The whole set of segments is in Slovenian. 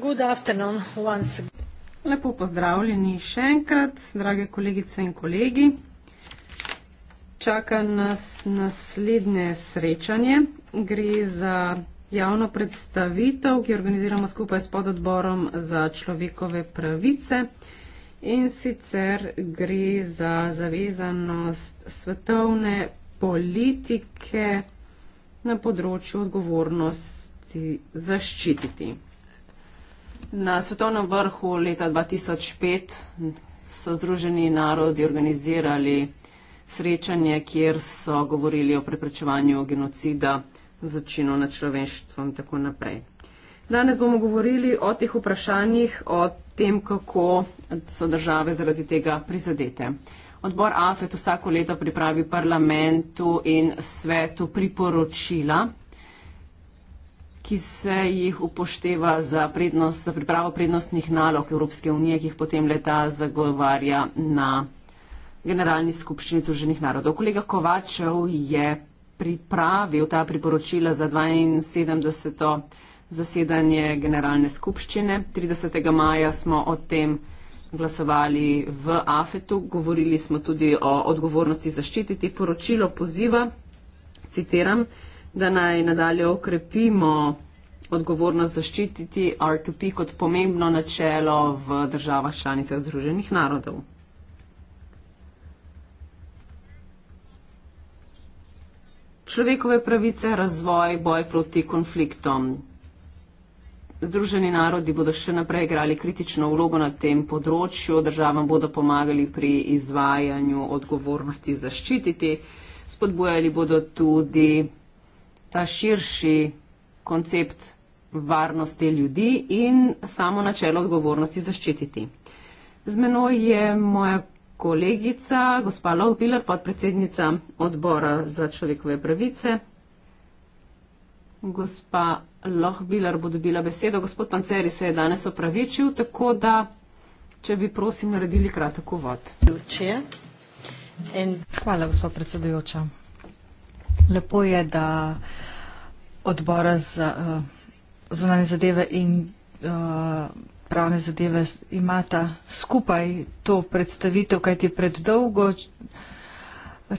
Good afternoon once again. Lepo pozdravljeni še enkrat, drage kolegice in kolegi. Čaka nas naslednje srečanje. Gre za javno predstavitev, ki jo organiziramo skupaj s pododborom za človekove pravice. In sicer gre za zavezanost svetovne politike na področju odgovornosti zaščititi. Na svetovnem vrhu leta 2005 so Združeni narodi organizirali srečanje, kjer so govorili o preprečevanju genocida, zločinu nad človeštvom in tako naprej. Danes bomo govorili o teh vprašanjih, o tem, kako so države zaradi tega prizadete. Odbor AFET vsako leto pripravi parlamentu in svetu priporočila, ki se jih upošteva za, prednost, za pripravo prednostnih nalog Evropske unije, ki jih potem leta zagovarja na Generalni skupščini Združenih narodov. Kolega Kovačev je pripravil ta priporočila za 72. zasedanje Generalne skupščine. 30. maja smo o tem glasovali v AFET-u, govorili smo tudi o odgovornosti zaščititi. Poročilo poziva, citiram, da naj nadalje okrepimo odgovornost zaščititi R2P kot pomembno načelo v državah članicah Združenih narodov. Človekove pravice, razvoj, boj proti konfliktom. Združeni narodi bodo še naprej igrali kritično vlogo na tem področju, državam bodo pomagali pri izvajanju odgovornosti zaščititi, spodbujali bodo tudi ta širši koncept varnosti ljudi in samo načelo odgovornosti zaščititi. Z menoj je moja kolegica, gospa Lovpiler, podpredsednica odbora za človekove pravice. Gospa Lohbiler bo dobila besedo, gospod Panceri se je danes opravičil, tako da, če bi prosim naredili kratek uvod. Hvala, gospod predsedujoča. Lepo je, da odbora za uh, zunanje zadeve in uh, pravne zadeve imata skupaj to predstavitev, kajti pred dolgo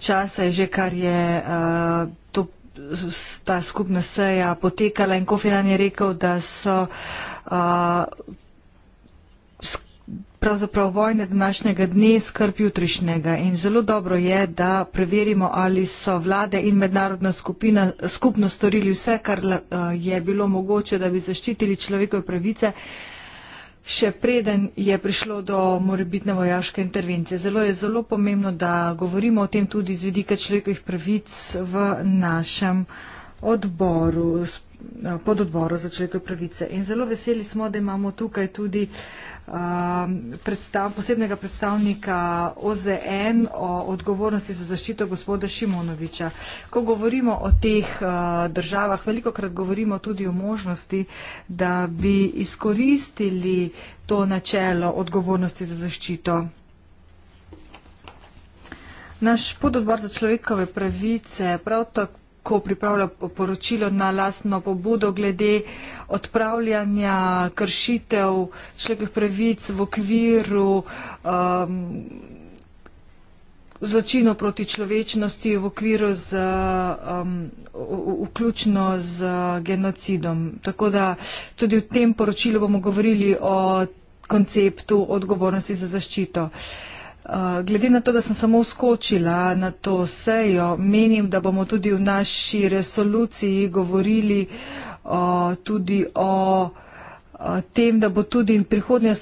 časa je že kar je uh, to, ta skupna seja potekala in Kofinan je rekel, da so uh, pravzaprav vojne današnjega dne, skrb jutrišnjega. In zelo dobro je, da preverimo, ali so vlade in mednarodna skupina skupno storili vse, kar eh, je bilo mogoče, da bi zaščitili človekove pravice, še preden je prišlo do morebitne vojaške intervencije. Zelo je zelo pomembno, da govorimo o tem tudi z vidika človekovih pravic v našem odboru eh, pod odboru za človekove pravice. In zelo veseli smo, da imamo tukaj tudi uh, Um, predstav, posebnega predstavnika OZN o odgovornosti za zaščito gospoda Šimonoviča. Ko govorimo o teh uh, državah, veliko krat govorimo tudi o možnosti, da bi izkoristili to načelo odgovornosti za zaščito. Naš pododbor za človekove pravice prav tako ko pripravlja poročilo na lastno pobudo glede odpravljanja kršitev človekovih pravic v okviru um, zločino proti človečnosti v okviru z, um, vključno z genocidom. Tako da tudi v tem poročilu bomo govorili o konceptu odgovornosti za zaščito. Uh, Eh, glede na to, da sem samo skočila na to sejo, menim, da bomo tudi v naši resoluciji govorili eh, tudi o eh, tem, da bo tudi prihodnja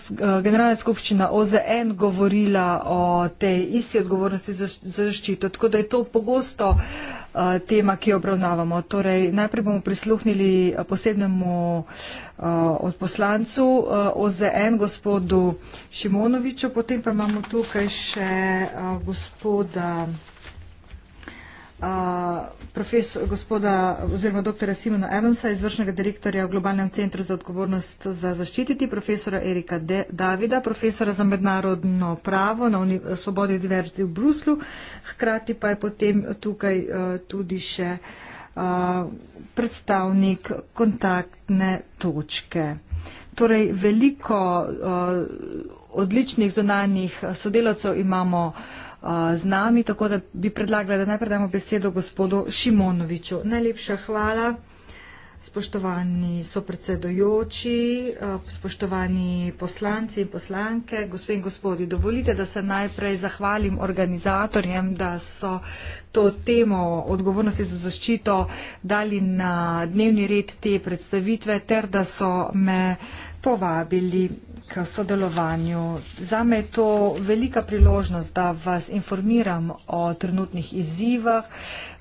generalna skupščina OZN govorila o tej isti odgovornosti za zaščito. Tako da je to pogosto uh, Eh, tema, ki jo obravnavamo. Torej, najprej bomo prisluhnili eh, posebnemu eh, odposlancu OZN, gospodu Šimonoviču, potem pa imamo tukaj še gospoda profesor, gospoda oziroma doktora Simona Evansa, izvršnega direktorja v Globalnem centru za odgovornost za zaščititi, profesora Erika De Davida, profesora za mednarodno pravo na Uni Svobodi univerzi v Bruslu, hkrati pa je potem tukaj uh, tudi še uh, predstavnik kontaktne točke. Torej, veliko uh, odličnih zonanih sodelavcev imamo uh, Eh, z nami, tako da bi predlagala, da najprej damo besedo gospodu Šimonoviču. Najlepša hvala, spoštovani sopredsedojoči, eh, spoštovani poslanci in poslanke, gospe in gospodi, dovolite, da se najprej zahvalim organizatorjem, da so to temo odgovornosti za zaščito dali na dnevni red te predstavitve, ter da so me uh, povabili k sodelovanju. Zame je to velika priložnost, da vas informiram o trenutnih izzivah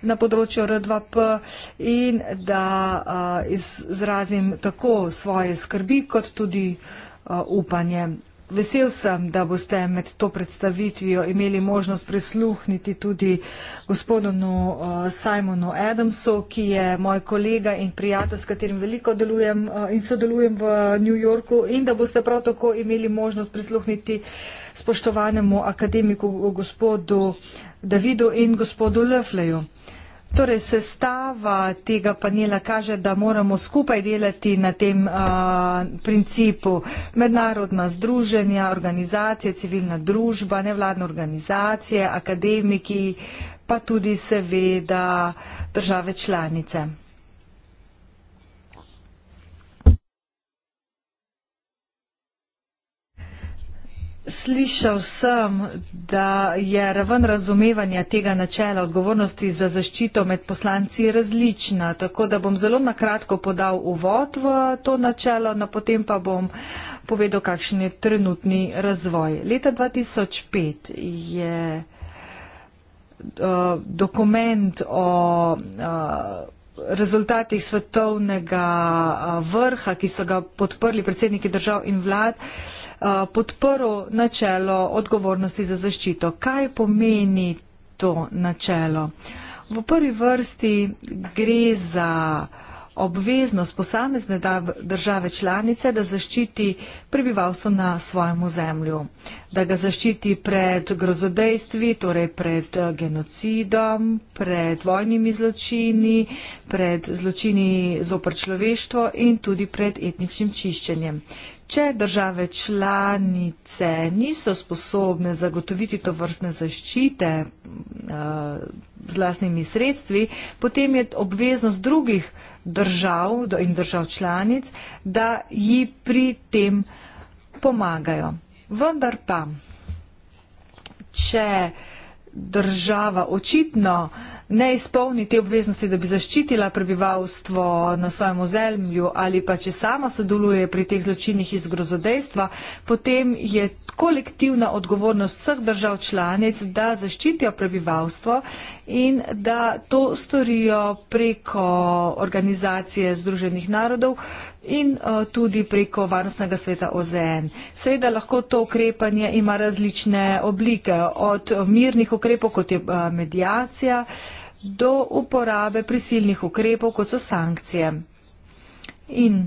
na področju R2P in da izrazim tako svoje skrbi kot tudi upanje. Vesel sem, da boste med to predstavitvijo imeli možnost prisluhniti tudi gospodinu eh, Simonu Adamsu, ki je moj kolega in prijatelj, s katerim veliko delujem eh, in sodelujem v New Yorku, in da boste prav tako imeli možnost prisluhniti spoštovanemu akademiku gospodu Davidu in gospodu Lefleju. Torej, sestava tega panela kaže, da moramo skupaj delati na tem a, principu. Mednarodna združenja, organizacije, civilna družba, nevladne organizacije, akademiki, pa tudi seveda države članice. Slišal sem, da je raven razumevanja tega načela odgovornosti za zaščito med poslanci različna, tako da bom zelo nakratko podal uvod v to načelo, na no potem pa bom povedal, kakšen je trenutni razvoj. Leta 2005 je uh, dokument o uh, rezultatih svetovnega vrha, ki so ga podprli predsedniki držav in vlad, podporil načelo odgovornosti za zaščito. Kaj pomeni to načelo? V prvi vrsti gre za obveznost posamezne države članice, da zaščiti prebivalstvo na svojem ozemlju, da ga zaščiti pred grozodejstvi, torej pred eh, genocidom, pred vojnimi zločini, pred zločini zopr človeštvo in tudi pred etničnim čiščenjem. Če države članice niso sposobne zagotoviti to vrstne zaščite eh, z vlastnimi sredstvi, potem je obveznost drugih držav in držav članic, da ji pri tem pomagajo. Vendar pa, če država očitno uh, ne izpolni te obveznosti, da bi zaščitila prebivalstvo na svojem ozemlju ali pa če sama sodeluje pri teh zločinih iz grozodejstva, potem je kolektivna odgovornost vseh držav članic, da zaščitijo prebivalstvo in da to storijo preko organizacije Združenih narodov, in eh, tudi preko Varnostnega sveta OZN. Seveda lahko to ukrepanje ima različne oblike, od mirnih ukrepov, kot je eh, medijacija, do uporabe prisilnih ukrepov, kot so sankcije. In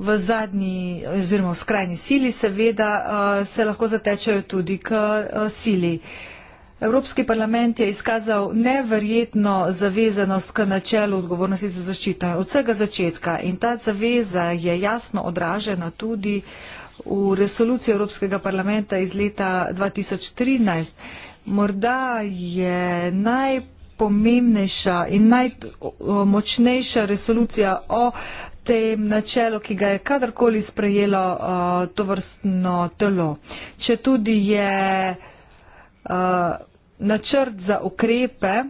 v zadnji oziroma v skrajni sili seveda eh, se lahko zatečajo tudi k sili. Evropski parlament je izkazal neverjetno zavezanost k načelu odgovornosti za zaščito od vsega začetka in ta zaveza je jasno odražena tudi v resoluciji Evropskega parlamenta iz leta 2013. Morda je najpomembnejša in najmočnejša resolucija o tem načelu, ki ga je kadarkoli sprejelo uh, to vrstno telo. Če tudi je uh, načrt za ukrepe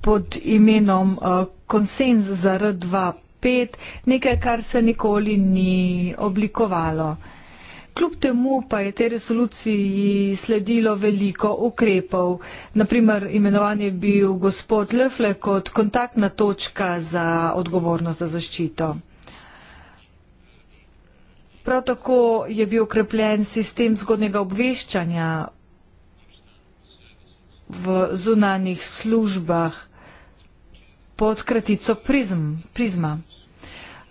pod imenom eh, konsenz za R2.5, nekaj, kar se nikoli ni oblikovalo. Kljub temu pa je te resoluciji sledilo veliko ukrepov. Naprimer, imenovan je bil gospod Lefle kot kontaktna točka za odgovornost za zaščito. Prav tako je bil ukrepljen sistem zgodnega obveščanja v zunanih službah pod kratico prizm, prizma.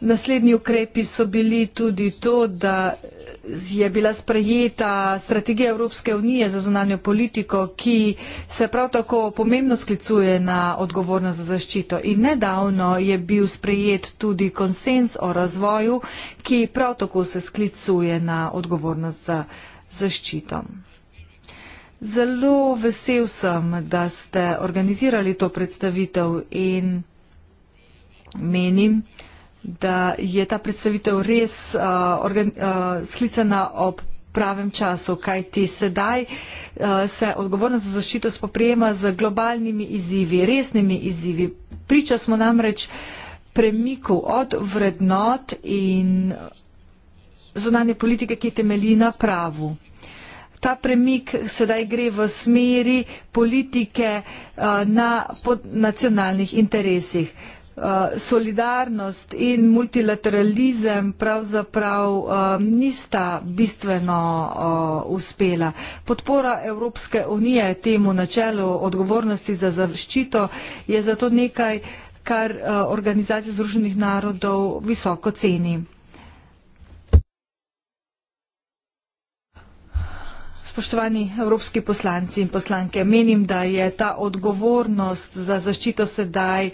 Naslednji ukrepi so bili tudi to, da je bila sprejeta strategija Evropske unije za zunanjo politiko, ki se prav tako pomembno sklicuje na odgovornost za zaščito. In nedavno je bil sprejet tudi konsens o razvoju, ki prav tako se sklicuje na odgovornost za zaščito. Zelo vesel sem, da ste organizirali to predstavitev in menim, da je ta predstavitev res uh, organ, uh, sklicana ob pravem času, kajti sedaj uh, se odgovornost za zaščito spoprijema z globalnimi izzivi, resnimi izzivi. Priča smo namreč premiku od vrednot in zunanje politike, ki temelji na pravu ta premik sedaj gre v smeri politike na nacionalnih interesih. Solidarnost in multilateralizem pravzaprav nista bistveno uspela. Podpora Evropske unije temu načelu odgovornosti za zaščito je zato nekaj, kar Organizacija združenih narodov visoko ceni. spoštovani evropski poslanci in poslanke, menim, da je ta odgovornost za zaščito sedaj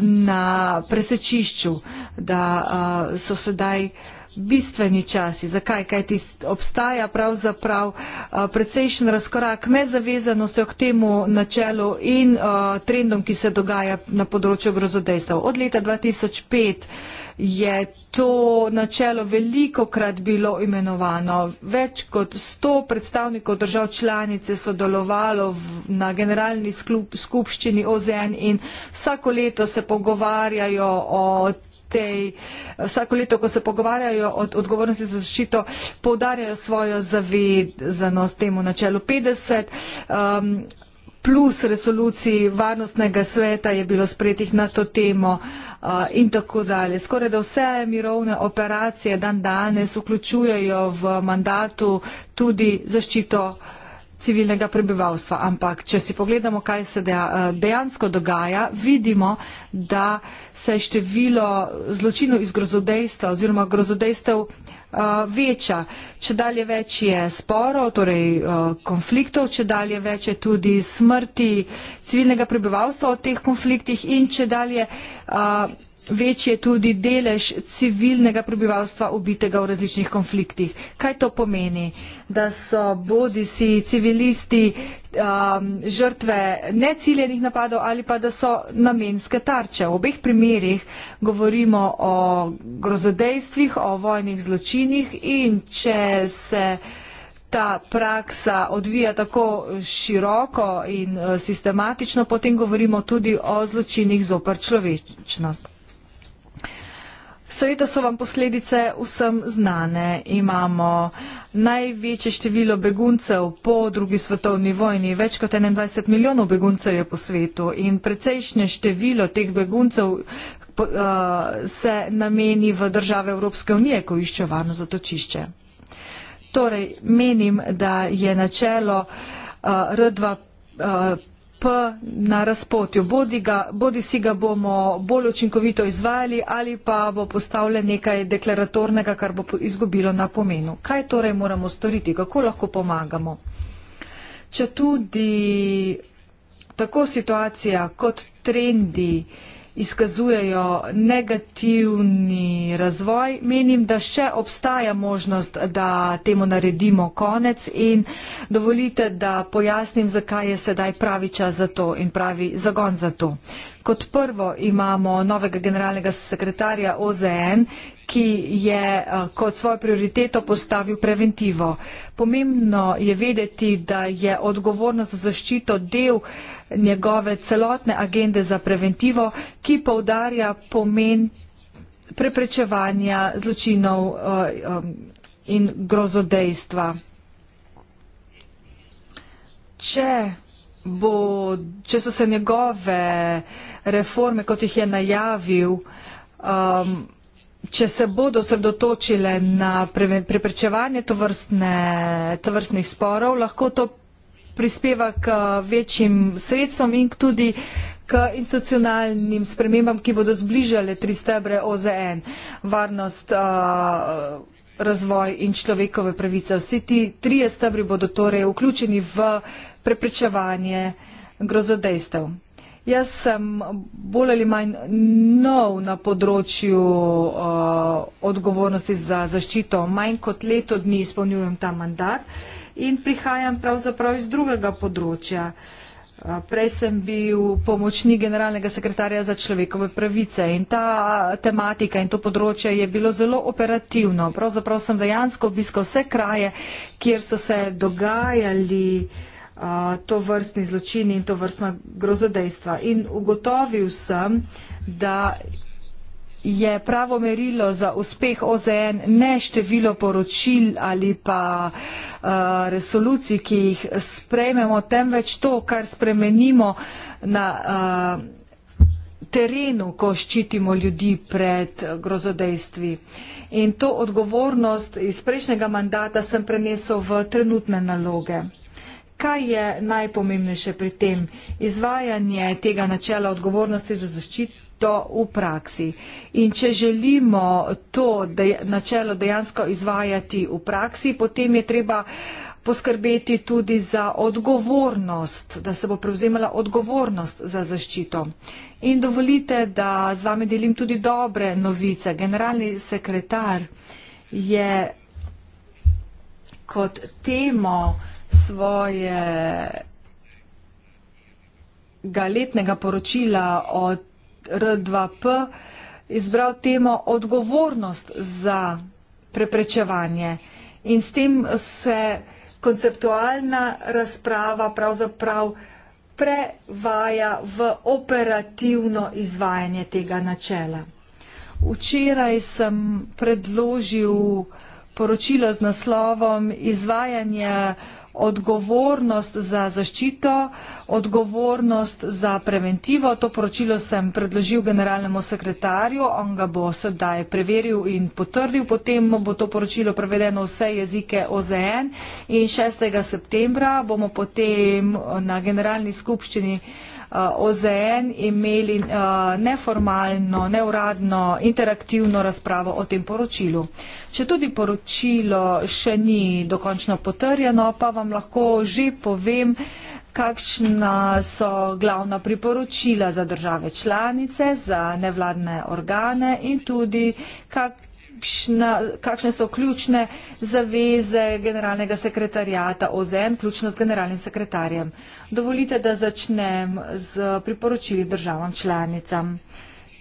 na presečišču, da uh, so sedaj uh, bistveni časi. Zakaj? Kaj ti obstaja pravzaprav uh, precejšen razkorak med zavezanostjo k temu načelu in uh, trendom, ki se dogaja na področju grozodejstva. Od leta 2005 je to načelo veliko krat bilo imenovano. Več kot 100 predstavnikov držav članice sodelovalo na generalni skupščini OZN in vsako leto se pogovarjajo o tej, vsako leto, ko se pogovarjajo o odgovornosti za zaščito, poudarjajo svojo zavedanost temu načelu 50. Um, plus resoluciji Varnostnega sveta je bilo spretih na to temo uh, in tako dalje. Skoraj da vse mirovne operacije dan danes vključujejo v mandatu tudi zaščito uh, civilnega prebivalstva. Ampak, če si pogledamo, kaj se eh, dejansko dogaja, vidimo, da se število zločinov iz grozodejstva oziroma grozodejstev eh, večja. Če dalje več je sporov, torej eh, konfliktov, če dalje več je tudi smrti civilnega prebivalstva v teh konfliktih in če dalje večji je tudi delež civilnega prebivalstva ubitega v različnih konfliktih. Kaj to pomeni? Da so bodi si civilisti um, žrtve neciljenih napadov ali pa da so namenske tarče. V obeh primerih govorimo o grozodejstvih, o vojnih zločinih in če se ta praksa odvija tako široko in uh, sistematično, potem govorimo tudi o zločinih zopr človečnost. Seveda so vam posledice vsem znane. Imamo največje število beguncev po drugi svetovni vojni. Več kot 21 milijonov beguncev je po svetu in precejšnje število teh beguncev eh, se nameni v države Evropske unije, ko iščejo varno zatočišče. Torej, menim, da je načelo eh, R2 P na razpotju. Bodi, ga, bodi si ga bomo bolj učinkovito izvajali ali pa bo postavljen nekaj deklaratornega, kar bo izgubilo na pomenu. Kaj torej moramo storiti, kako lahko pomagamo? Če tudi tako situacija kot trendi eh, izkazujejo negativni razvoj. Menim, da še obstaja možnost, da temu naredimo konec in dovolite, da pojasnim, zakaj je sedaj pravi čas za to in pravi zagon za to. Kot prvo imamo novega generalnega sekretarja OZN, ki je eh, kot svojo prioriteto postavil preventivo. Pomembno je vedeti, da je odgovornost za zaščito del njegove celotne agende za preventivo, ki poudarja pomen preprečevanja zločinov eh, um, in grozodejstva. Če, bo, če so se njegove uh, reforme, kot jih je najavil, um, če se bodo sredotočile na pre, preprečevanje tovrstne, tovrstnih sporov, lahko to prispeva k večjim sredstvom in tudi k institucionalnim spremembam, ki bodo zbližale tri stebre OZN, varnost, uh, razvoj in človekove pravice. Vsi ti trije stebri bodo torej vključeni v preprečevanje grozodejstev. Jaz sem bolj ali manj nov na področju uh, odgovornosti za zaščito. Manj kot leto dni izpolnjujem ta mandat in prihajam pravzaprav iz drugega področja. Uh, prej sem bil pomočnik generalnega sekretarja za človekove pravice in ta tematika in to področje je bilo zelo operativno. Pravzaprav sem dejansko obiskal vse kraje, kjer so se dogajali uh, to vrstni zločini in to vrstna grozodejstva. In ugotovil sem, da je pravo merilo za uspeh OZN ne število poročil ali pa uh, resolucij, ki jih sprejmemo, temveč to, kar spremenimo na uh, terenu, ko ščitimo ljudi pred grozodejstvi. In to odgovornost iz prejšnjega mandata sem prenesel v trenutne naloge. Kaj je najpomembnejše pri tem? Izvajanje tega načela odgovornosti za zaščito v praksi. In če želimo to dej, načelo dejansko izvajati v praksi, potem je treba poskrbeti tudi za odgovornost, da se bo prevzemala odgovornost za zaščito. In dovolite, da z vami delim tudi dobre novice. Generalni sekretar je kot temo, svoje letnega poročila od R2P izbral temo odgovornost za preprečevanje. In s tem se konceptualna razprava pravzaprav prevaja v operativno izvajanje tega načela. Včeraj sem predložil poročilo z naslovom izvajanja odgovornost za zaščito, odgovornost za preventivo. To poročilo sem predložil generalnemu sekretarju, on ga bo sedaj preveril in potrdil, potem bo to poročilo prevedeno vse jezike OZN in 6. septembra bomo potem na generalni skupščini Eh, OZN imeli eh, neformalno, neuradno, interaktivno razpravo o tem poročilu. Če tudi poročilo še ni dokončno potrjeno, pa vam lahko že povem, kakšna so glavna priporočila za države članice, za nevladne organe in tudi, kak, kakšne so ključne zaveze generalnega sekretarjata OZN, ključno s generalnim sekretarjem. Dovolite, da začnem z priporočili državam članicam.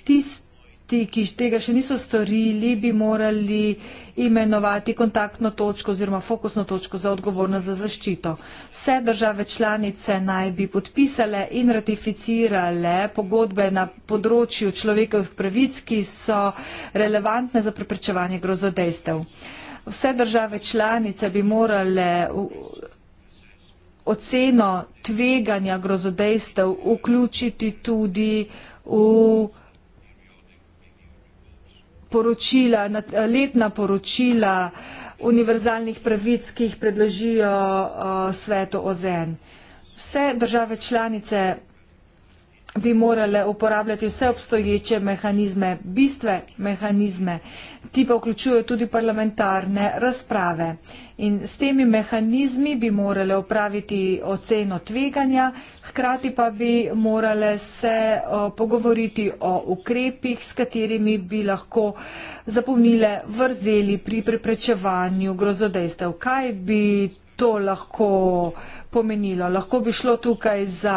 Tisti, ki tega še niso storili, bi morali uh, imenovati kontaktno točko oziroma fokusno točko za odgovornost za zaščito. Vse države članice naj bi podpisale in ratificirale pogodbe na področju človekovih pravic, ki so relevantne za preprečevanje grozodejstev. Vse države članice bi morale oceno tveganja grozodejstev vključiti tudi v poročila, letna poročila univerzalnih pravic, ki jih predložijo uh, svetu OZN. Vse države članice bi morale uporabljati vse obstoječe mehanizme, bistve mehanizme, ti pa vključujejo tudi parlamentarne razprave. In s temi mehanizmi bi morale upraviti oceno tveganja, hkrati pa bi morale se o, pogovoriti o ukrepih, s katerimi bi lahko zapolnile vrzeli pri preprečevanju grozodejstev. Kaj bi to lahko pomenilo. Lahko bi šlo tukaj za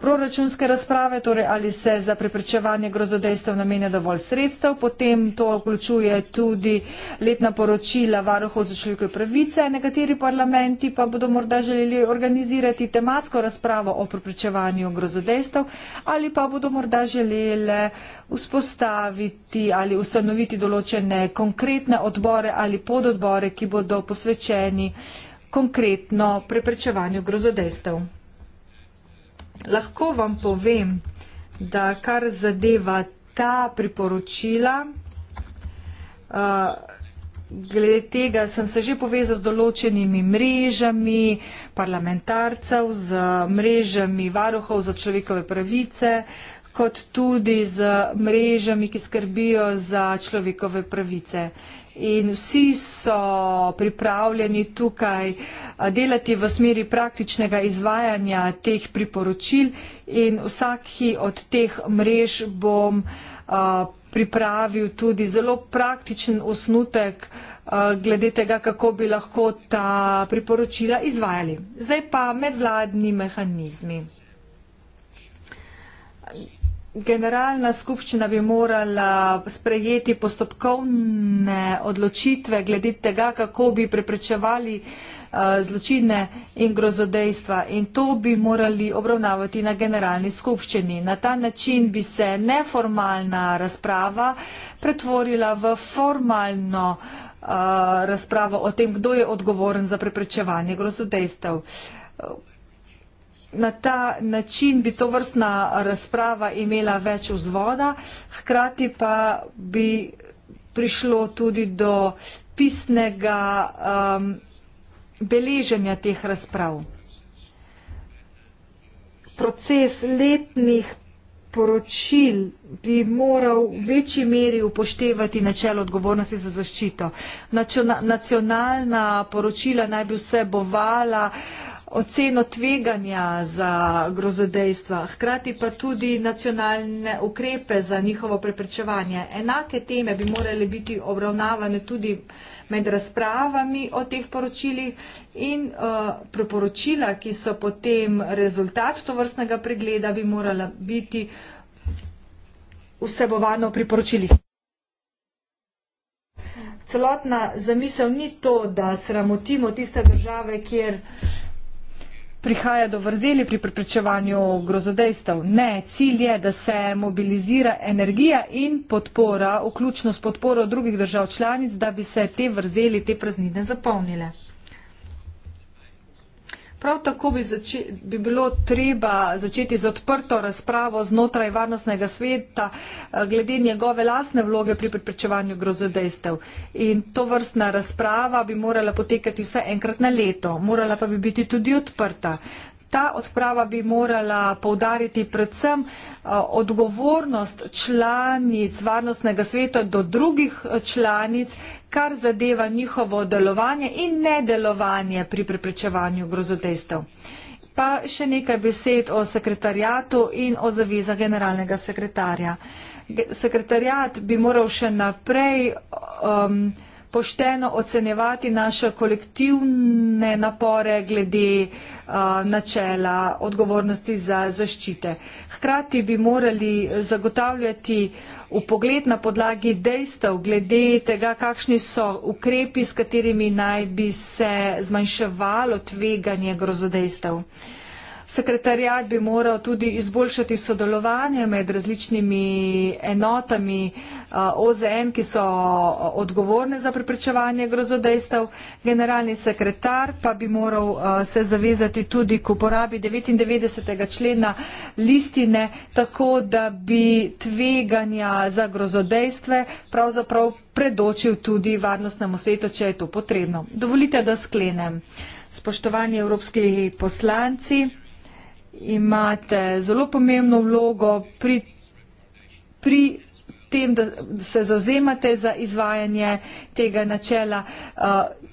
proračunske razprave, torej ali se za preprečevanje grozodejstev namenja dovolj sredstev, potem to vključuje tudi letna poročila varuhov za človekove pravice. Nekateri parlamenti pa bodo morda želeli organizirati tematsko razpravo o preprečevanju grozodejstev ali pa bodo morda želeli vzpostaviti ali ustanoviti določene konkretne odbore ali pododbore, ki bodo posvečeni konkretno preprečevanju grozodejstev. Lahko vam povem, da kar zadeva ta priporočila, eh, glede tega sem se že povezal z določenimi mrežami parlamentarcev, z mrežami varuhov za človekove pravice, kot tudi z mrežami, ki skrbijo za človekove pravice in vsi so pripravljeni tukaj eh, delati v smeri praktičnega izvajanja teh priporočil in vsaki od teh mrež bom eh, pripravil tudi zelo praktičen osnutek eh, glede tega, kako bi lahko ta priporočila izvajali. Zdaj pa medvladni mehanizmi generalna skupščina bi morala sprejeti postopkovne odločitve glede tega, kako bi preprečevali eh, zločine in grozodejstva in to bi morali obravnavati na generalni skupščini. Na ta način bi se neformalna razprava pretvorila v formalno eh, razpravo o tem, kdo je odgovoren za preprečevanje grozodejstev na ta način bi to vrstna razprava imela več vzvoda, hkrati pa bi prišlo tudi do pisnega um, beleženja teh razprav. Proces letnih poročil bi moral v večji meri upoštevati načelo odgovornosti za zaščito. Načo nacionalna poročila naj bi vse bovala uh, oceno tveganja za grozodejstva, hkrati pa tudi nacionalne ukrepe za njihovo preprečevanje. Enake teme bi morali biti obravnavane tudi med razpravami o teh poročilih in uh, eh, preporočila, ki so potem rezultat tovrstnega pregleda, bi morala biti vsebovano v priporočilih. Celotna zamisel ni to, da sramotimo tiste države, kjer uh, prihaja do vrzeli pri preprečevanju grozodejstev. Ne, cilj je, da se mobilizira energija in podpora, vključno s podporo drugih držav članic, da bi se te vrzeli, te praznine zapolnile prav tako bi, zači, bi bilo treba začeti z odprto razpravo znotraj varnostnega sveta eh, glede njegove lasne vloge pri preprečevanju grozodejstev. In to vrstna razprava bi morala potekati vse enkrat na leto, morala pa bi biti tudi odprta ta odprava bi morala povdariti predvsem eh, odgovornost članic varnostnega sveta do drugih eh, članic, kar zadeva njihovo delovanje in nedelovanje pri preprečevanju grozodejstev. Pa še nekaj besed o sekretarjatu in o zaveza generalnega sekretarja. Sekretarjat bi moral še naprej um, pošteno ocenevati naše kolektivne napore glede uh, načela odgovornosti za zaščite. Hkrati bi morali zagotavljati v pogled na podlagi dejstev glede tega, kakšni so ukrepi, s katerimi naj bi se zmanjševalo tveganje grozodejstev. Sekretarjat bi moral tudi izboljšati sodelovanje med različnimi enotami eh, OZN, ki so eh, odgovorne za preprečevanje grozodejstev. Generalni sekretar pa bi moral eh, se zavezati tudi k uporabi 99. člena listine, tako da bi tveganja za grozodejstve pravzaprav predočil tudi varnostnemu svetu, če je to potrebno. Dovolite, da sklenem. Spoštovani evropski poslanci, imate zelo pomembno vlogo pri, pri tem, da se zazemate za izvajanje tega načela eh,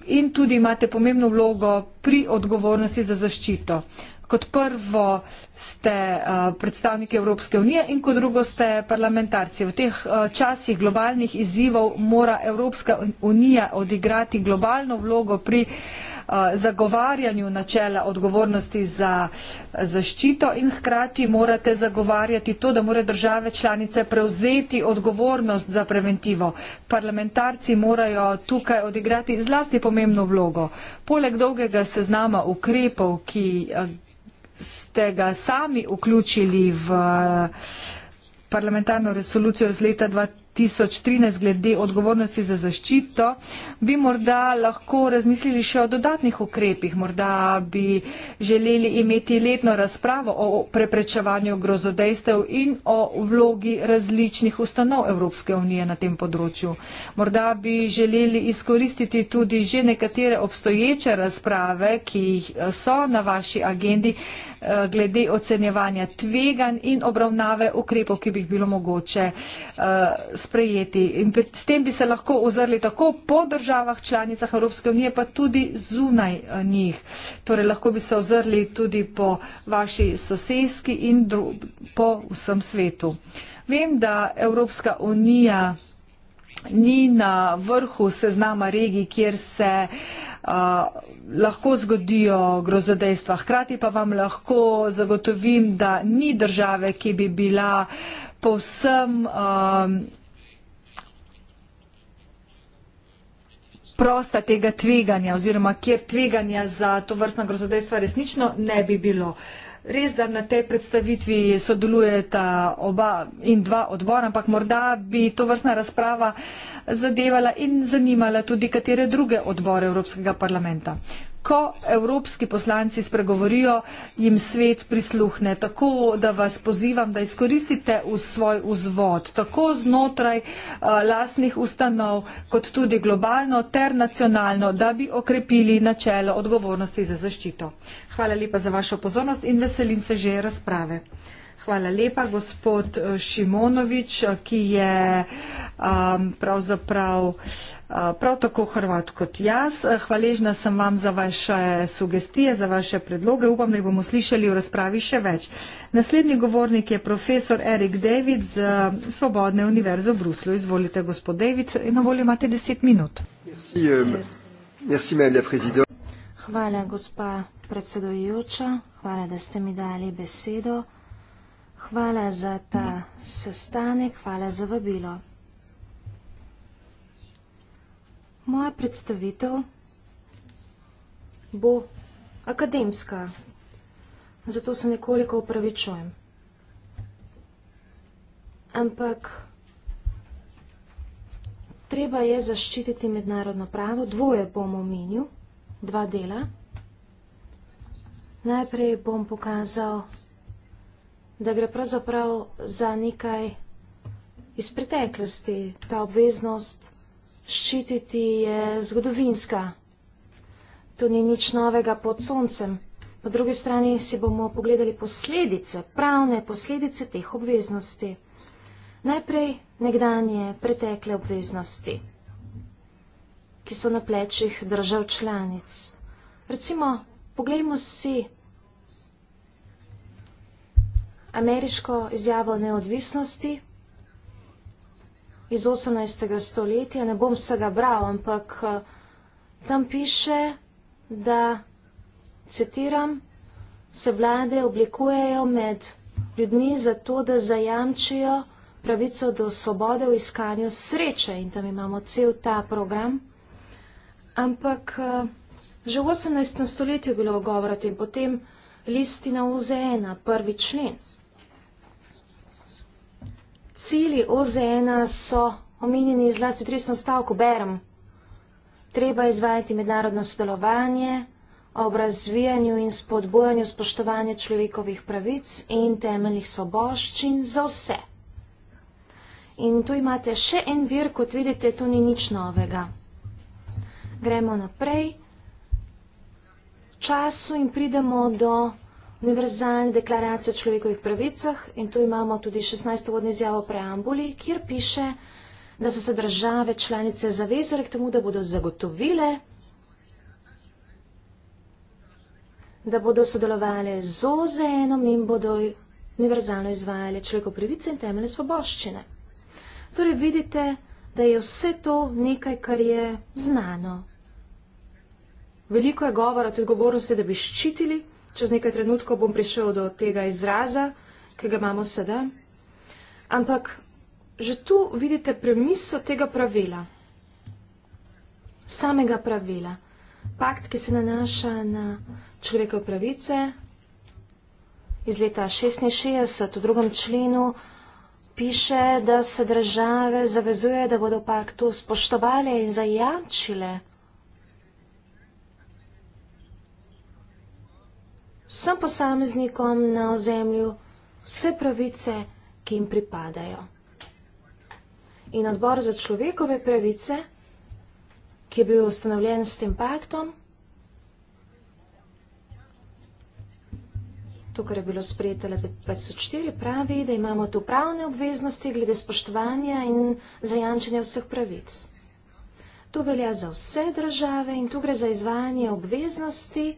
in tudi imate pomembno vlogo pri odgovornosti za zaščito. Kot prvo ste eh, predstavniki Evropske unije in kot drugo ste parlamentarci. V teh eh, časih globalnih izzivov mora Evropska unija odigrati globalno vlogo pri uh, Eh, zagovarjanju načela odgovornosti za eh, zaščito in hkrati morate zagovarjati to, da more države članice prevzeti odgovornost za preventivo. Parlamentarci morajo tukaj odigrati zlasti pomembno vlogo. Poleg dolgega seznama ukrepov, ki eh, ste ga sami vključili v parlamentarno resolucijo iz leta 2020, 2013 glede odgovornosti za zaščito, bi morda lahko razmislili še o dodatnih ukrepih. Morda bi želeli imeti letno razpravo o preprečevanju grozodejstev in o vlogi različnih ustanov Evropske unije na tem področju. Morda bi želeli izkoristiti tudi že nekatere obstoječe razprave, ki so na vaši agendi, Eh, glede ocenjevanja tvegan in obravnave ukrepov, ki bi jih bilo mogoče eh, sprejeti. In s tem bi se lahko ozrli tako po državah članicah Evropske unije, pa tudi zunaj eh, njih. Torej lahko bi se ozrli tudi po vaši sosedski in po vsem svetu. Vem, da Evropska unija ni na vrhu seznama regij, kjer se uh, lahko zgodijo grozodejstva. Hkrati pa vam lahko zagotovim, da ni države, ki bi bila povsem prosta tega tveganja oziroma kjer tveganja za to vrstna grozodejstva resnično ne bi bilo. Res, da na tej predstavitvi sodelujeta oba in dva odbora, ampak morda bi to vrstna razprava uh, zadevala in zanimala tudi katere druge odbore Evropskega parlamenta. Ko evropski poslanci spregovorijo, jim svet prisluhne, tako da vas pozivam, da izkoristite v svoj vzvod, tako znotraj eh, lastnih ustanov, kot tudi globalno ter nacionalno, da bi okrepili načelo odgovornosti za zaščito. Hvala lepa za vašo pozornost in veselim se že razprave. Hvala lepa, gospod eh, Šimonovič, eh, ki je um, pravzaprav uh, prav tako Hrvat kot jaz. Hvaležna sem vam za vaše sugestije, za vaše predloge. Upam, da jih bomo slišali v razpravi še več. Naslednji govornik je profesor Erik David z Svobodne univerze v Bruslju. Izvolite, gospod David, na voljo imate deset minut. Euh, Hvala, gospa predsedujoča. Hvala, da ste mi dali besedo. Hvala za ta sestanek, hvala za vabilo. Moja predstavitev bo akademska, zato se nekoliko upravičujem. Ampak treba je zaščititi mednarodno pravo, dvoje bom omenil, dva dela. Najprej bom pokazal, da gre pravzaprav za nekaj iz preteklosti. Ta obveznost ščititi je zgodovinska. To ni nič novega pod soncem. Po drugi strani si bomo pogledali posledice, pravne posledice teh obveznosti. Najprej nekdanje pretekle obveznosti, ki so na plečih držav članic. Recimo, pogledajmo si ameriško izjavo neodvisnosti iz 18. stoletja, ne bom vsega bral, ampak eh, tam piše, da, citiram, se vlade oblikujejo med ljudmi zato, da zajamčijo pravico do svobode v iskanju sreče in tam imamo cel ta program. Ampak eh, že v 18. stoletju je bilo govor o tem, potem listina UZN, prvi člen cilji OZN so omenjeni zlasti v 300 stavku, berem. Treba izvajati mednarodno sodelovanje ob razvijanju in spodbojanju spoštovanja človekovih pravic in temeljnih svoboščin za vse. In tu imate še en vir, kot vidite, to ni nič novega. Gremo naprej. V času in pridemo do univerzalni deklaracijo o človekovih pravicah in tu imamo tudi 16. vodni izjavo o preambuli, kjer piše, da so se države članice zavezale k temu, da bodo zagotovile, da bodo sodelovali z OZN-om in bodo univerzalno izvajali človekove pravice in temeljne svoboščine. Torej vidite, da je vse to nekaj, kar je znano. Veliko je govora, tudi govorno se, da bi ščitili čez nekaj trenutkov bom prišel do tega izraza, ki ga imamo sedaj. Ampak že tu vidite premiso tega pravila, samega pravila. Pakt, ki se nanaša na človekov pravice, iz leta 1666 v drugem členu piše, da se države zavezuje, da bodo pakt to spoštovali in zajamčile. vsem posameznikom na ozemlju vse pravice, ki jim pripadajo. In odbor za človekove pravice, ki je bil ustanovljen s tem paktom, to, kar je bilo sprejeto leta 2004, pravi, da imamo tu pravne obveznosti glede spoštovanja in zajančenja vseh pravic. To velja za vse države in tu gre za izvajanje obveznosti,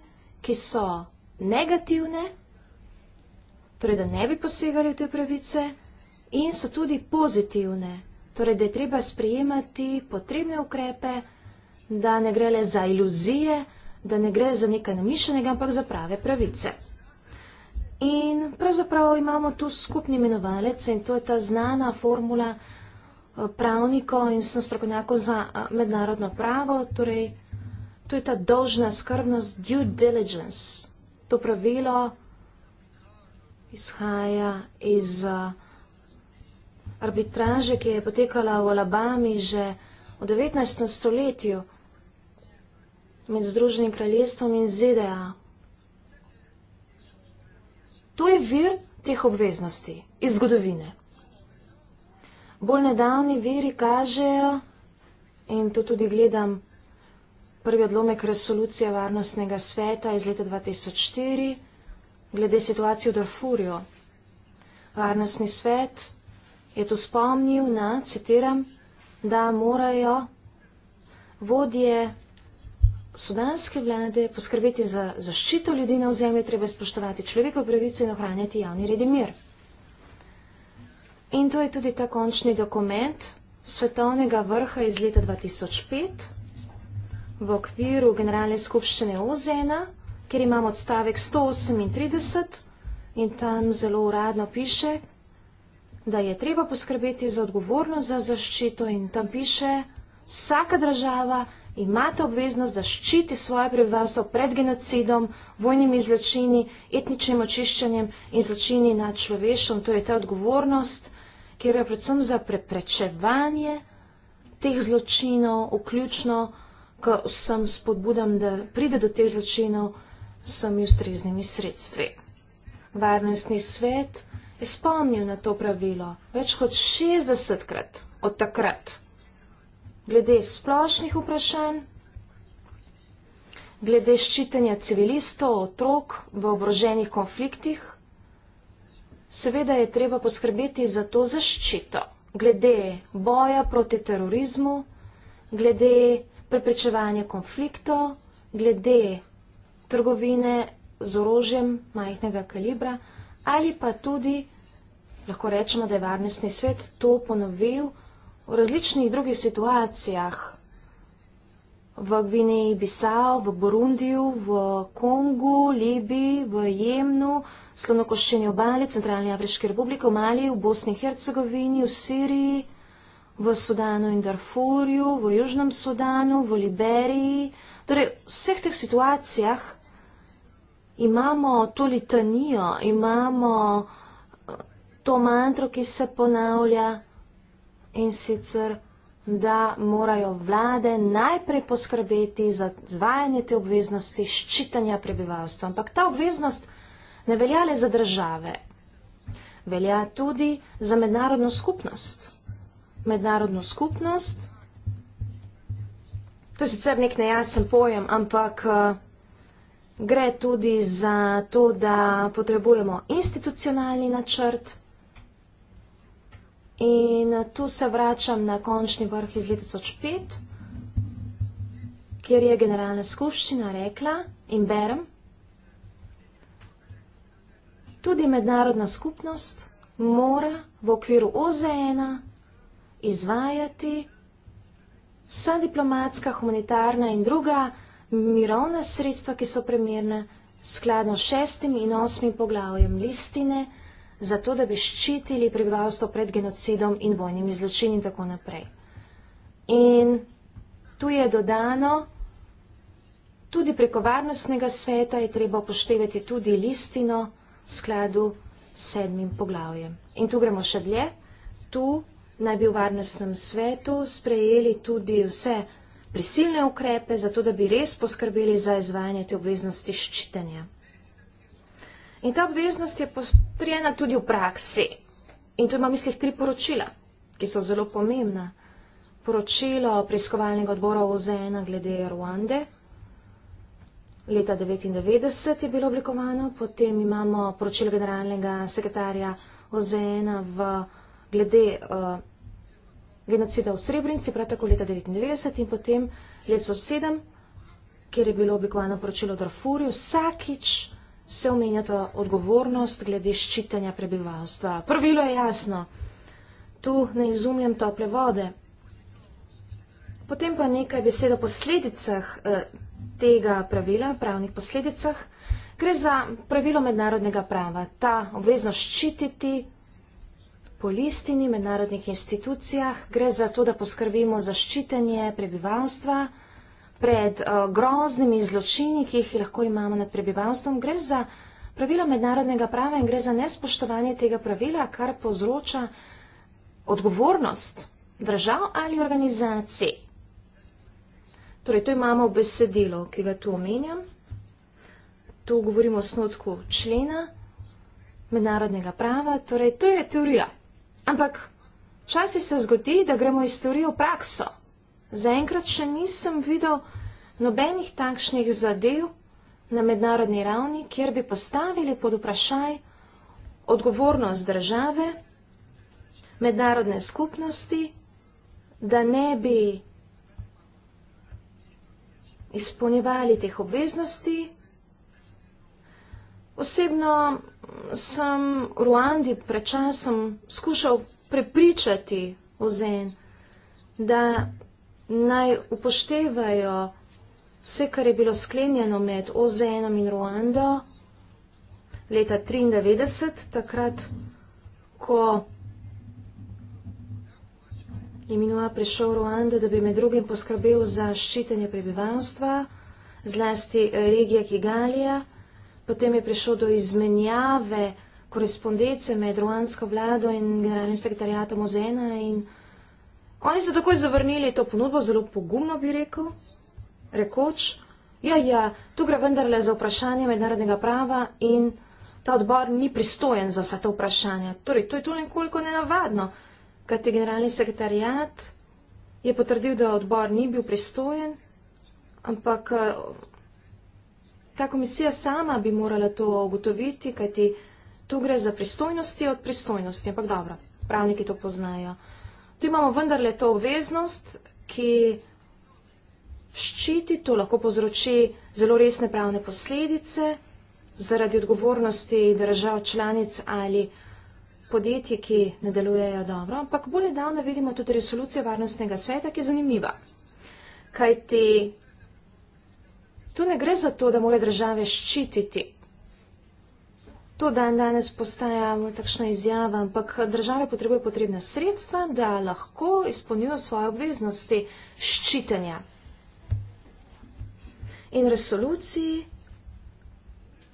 ki so negativne, torej, da ne bi posegali v te pravice, in so tudi pozitivne, torej, da je treba sprejemati potrebne ukrepe, da ne gre le za iluzije, da ne gre za nekaj namišljenega, ampak za prave pravice. In pravzaprav imamo tu skupni imenovalec in to je ta znana formula eh, pravnikov in sem strokovnjakov za eh, mednarodno pravo, torej to je ta dolžna skrbnost due diligence to pravilo izhaja iz eh, arbitraže, ki je potekala v Alabami že v 19. stoletju med Združenim kraljestvom in ZDA. To je vir teh obveznosti iz zgodovine. Bolj nedavni viri kažejo, in to tudi gledam, prvi odlomek resolucije Varnostnega sveta iz leta 2004 glede situacije v Darfurju. Varnostni svet je to spomnil na, citiram, da morajo vodje sudanske vlade poskrbeti za zaščito ljudi na ozemlju, treba spoštovati človekov pravice in ohranjati javni red in mir. In to je tudi ta končni dokument svetovnega vrha iz leta 2005 v okviru Generalne skupščine OZN-a, kjer imamo odstavek 138 in tam zelo uradno piše, da je treba poskrbeti za odgovornost za zaščito in tam piše, vsaka država imate obveznost zaščiti svoje prebivalstvo pred genocidom, vojnimi zločini, etničnim očiščanjem in zločini nad človeštvom, torej ta odgovornost, kjer je predvsem za preprečevanje teh zločinov, vključno zločinov, k vsem spodbudam, da pride do teh zločinov s vsemi ustreznimi sredstvi. Varnostni svet je spomnil na to pravilo več kot 60krat od takrat. Glede splošnih vprašanj, glede ščitanja civilistov, otrok v obroženih konfliktih, seveda je treba poskrbeti za to zaščito. Glede boja proti terorizmu, glede preprečevanje konfliktov glede trgovine z orožjem majhnega kalibra ali pa tudi lahko rečemo, da je varnostni svet to ponovil v različnih drugih situacijah v Gvineji, Bisao, v Burundiju, v Kongu, Libiji, v Jemnu, Slonokoščeni obali, Centralni Afriški republiki, v Mali, v Bosni in Hercegovini, v Siriji, v Sudanu in Darfurju, v Južnem Sudanu, v Liberiji. Torej, v vseh teh situacijah imamo to litanijo, imamo eh, to mantro, ki se ponavlja in sicer, da morajo vlade najprej poskrbeti za zvajanje te obveznosti ščitanja prebivalstva. Ampak ta obveznost ne velja le za države, velja tudi za mednarodno skupnost mednarodno skupnost. To je sicer nek nejasen pojem, ampak eh, gre tudi za to, da potrebujemo institucionalni načrt. In eh, tu se vračam na končni vrh iz leta 2005, kjer je generalna skupščina rekla in berem, tudi mednarodna skupnost mora v okviru OZN-a izvajati vsa diplomatska, humanitarna in druga mirovna sredstva, ki so primerna skladno s šestim in osmim poglavjem listine, zato da bi ščitili prebivalstvo pred genocidom in vojnimi zločini in tako naprej. In tu je dodano, tudi preko varnostnega sveta je treba upoštevati tudi listino skladu s sedmim poglavjem. In tu gremo še dlje, tu naj bi v varnostnem svetu sprejeli tudi vse prisilne ukrepe, zato da bi res poskrbeli za izvajanje te obveznosti ščitanja. In ta obveznost je postrijena tudi v praksi. In tu imam v mislih tri poročila, ki so zelo pomembna. Poročilo preiskovalnega odbora OZN-a glede Ruande. Leta 1999 je bilo oblikovano, potem imamo poročilo generalnega sekretarja OZN-a v glede uh, genocida v Srebrenici, prav tako leta 1999 in potem leto 2007, kjer je bilo oblikovano poročilo o Darfurju, vsakič se omenja ta odgovornost glede ščitanja prebivalstva. Pravilo je jasno, tu ne izumljam tople vode. Potem pa nekaj besed o posledicah eh, tega pravila, pravnih posledicah. Gre za pravilo mednarodnega prava. Ta obvezno ščititi po listini, mednarodnih institucijah, gre za to, da poskrbimo za ščitenje prebivalstva pred uh, groznimi zločini, ki jih lahko imamo nad prebivalstvom. Gre za pravilo mednarodnega prava in gre za nespoštovanje tega pravila, kar povzroča odgovornost držav ali organizacij. Torej, to imamo v besedilu, ki ga tu omenjam. Tu govorimo o snotku člena mednarodnega prava, torej to je teorija. Ampak časi se zgodi, da gremo iz teorijo v prakso. Zaenkrat še nisem videl nobenih takšnih zadev na mednarodni ravni, kjer bi postavili pod vprašaj odgovornost države, mednarodne skupnosti, da ne bi izpolnjevali teh obveznosti. Osebno sem v Ruandi pred časom skušal prepričati ozen, da naj upoštevajo vse, kar je bilo sklenjeno med ozenom in Ruando leta 1993, takrat, ko je Minua prišel v Ruando, da bi med drugim poskrbel za ščitenje prebivalstva, zlasti regija Kigalija. Potem je prišlo do izmenjave korespondence med ruansko vlado in generalnim sekretarjatom Ozena in oni so takoj zavrnili to ponudbo, zelo pogumno bi rekel, rekoč, ja, ja, tu gre vendarle za vprašanje mednarodnega prava in ta odbor ni pristojen za vsa ta vprašanja. Torej, to je tu nekoliko nenavadno, kaj ti generalni sekretarjat je potrdil, da odbor ni bil pristojen, ampak Ta komisija sama bi morala to ugotoviti, kajti tu gre za pristojnosti od pristojnosti, ampak dobro, pravniki to poznajo. Tu imamo vendarle to obveznost, ki ščiti, to lahko povzroči zelo resne pravne posledice zaradi odgovornosti držav članic ali podjetij, ki ne delujejo dobro. Ampak bolj nedavno vidimo tudi resolucijo Varnostnega sveta, ki je zanimiva. Kajti Tu ne gre za to, da mora države ščititi. To dan danes postaja takšna izjava, ampak države potrebuje potrebna sredstva, da lahko izpolnjujo svoje obveznosti ščitanja. In resoluciji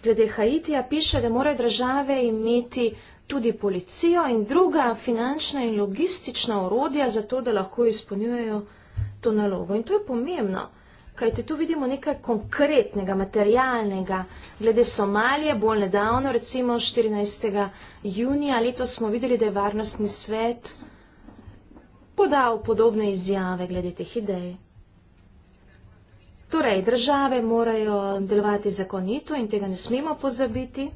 glede Haitija piše, da morajo države imeti tudi policijo in druga finančna in logistična orodja za to, da lahko izpolnjujejo to nalogo. In to je pomembno kajte tu vidimo nekaj konkretnega, materialnega. Glede Somalije, bolj nedavno, recimo 14. junija letos smo videli, da je varnostni svet podal podobne izjave glede teh idej. Torej, države morajo delovati zakonito in tega ne smemo pozabiti.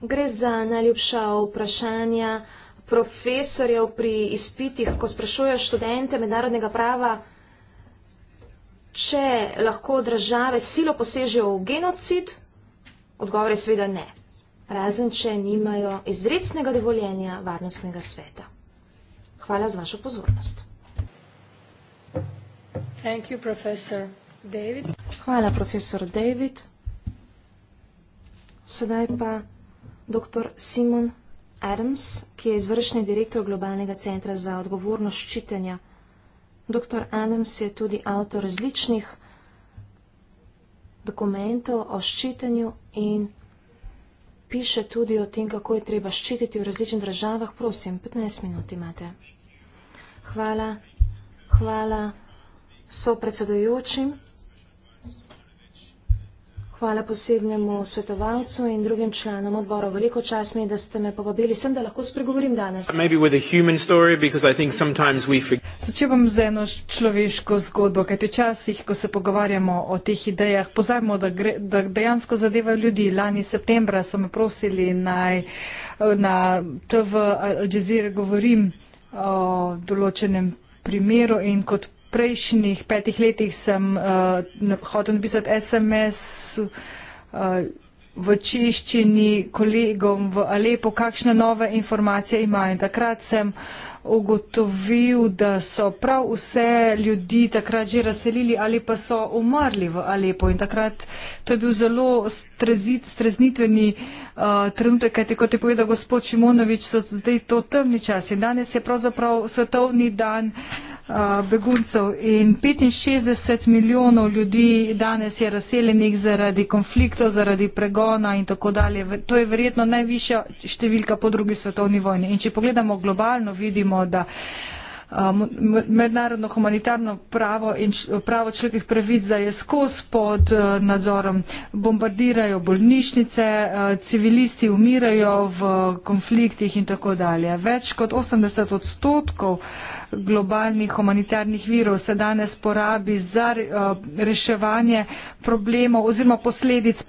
Gre za najljubša vprašanja profesorjev pri izpitih, ko sprašujejo študente mednarodnega prava, če lahko države silo posežejo v genocid? Odgovor je seveda ne, razen če nimajo izrecnega dovoljenja varnostnega sveta. Hvala za vašo pozornost. Thank you, professor David. Hvala, profesor David. Sedaj pa dr. Simon Adams, ki je izvršni direktor Globalnega centra za odgovornost ščitenja. Dr. Adams je tudi avtor različnih dokumentov o ščitenju in piše tudi o tem, kako je treba ščititi v različnih državah. Prosim, 15 minut imate. Hvala, hvala so predsedujočim. Hvala posebnemu svetovalcu in drugim članom odbora. Veliko čas mi je, da ste me povabili sem, da lahko spregovorim danes. Začel bom z eno človeško zgodbo, kajti včasih, ko se pogovarjamo o teh idejah, pozajmo, da, gre, da dejansko zadeva ljudi. Lani septembra so me prosili naj na TV Al Jazeera govorim o določenem primeru in kot prejšnjih petih letih sem uh, hotel napisati SMS uh, v čiščini kolegom v Alepo, kakšne nove informacije imajo. In takrat sem ugotovil, da so prav vse ljudi takrat že razselili ali pa so umrli v Alepo. In takrat to je bil zelo strezit, streznitveni uh, trenutek, kajti kot je povedal gospod Šimonovič, so zdaj to temni časi. Danes je pravzaprav svetovni dan uh, Eh, beguncev in 65 milijonov ljudi danes je razseljenih zaradi konfliktov, zaradi pregona in tako dalje. To je verjetno najvišja številka po drugi svetovni vojni. In če pogledamo globalno, vidimo, da uh, mednarodno humanitarno pravo in pravo človekovih pravic, da je skos pod nadzorom. Bombardirajo bolnišnice, civilisti umirajo v konfliktih in tako dalje. Več kot 80 odstotkov globalnih humanitarnih virov se danes porabi za reševanje problemov oziroma posledic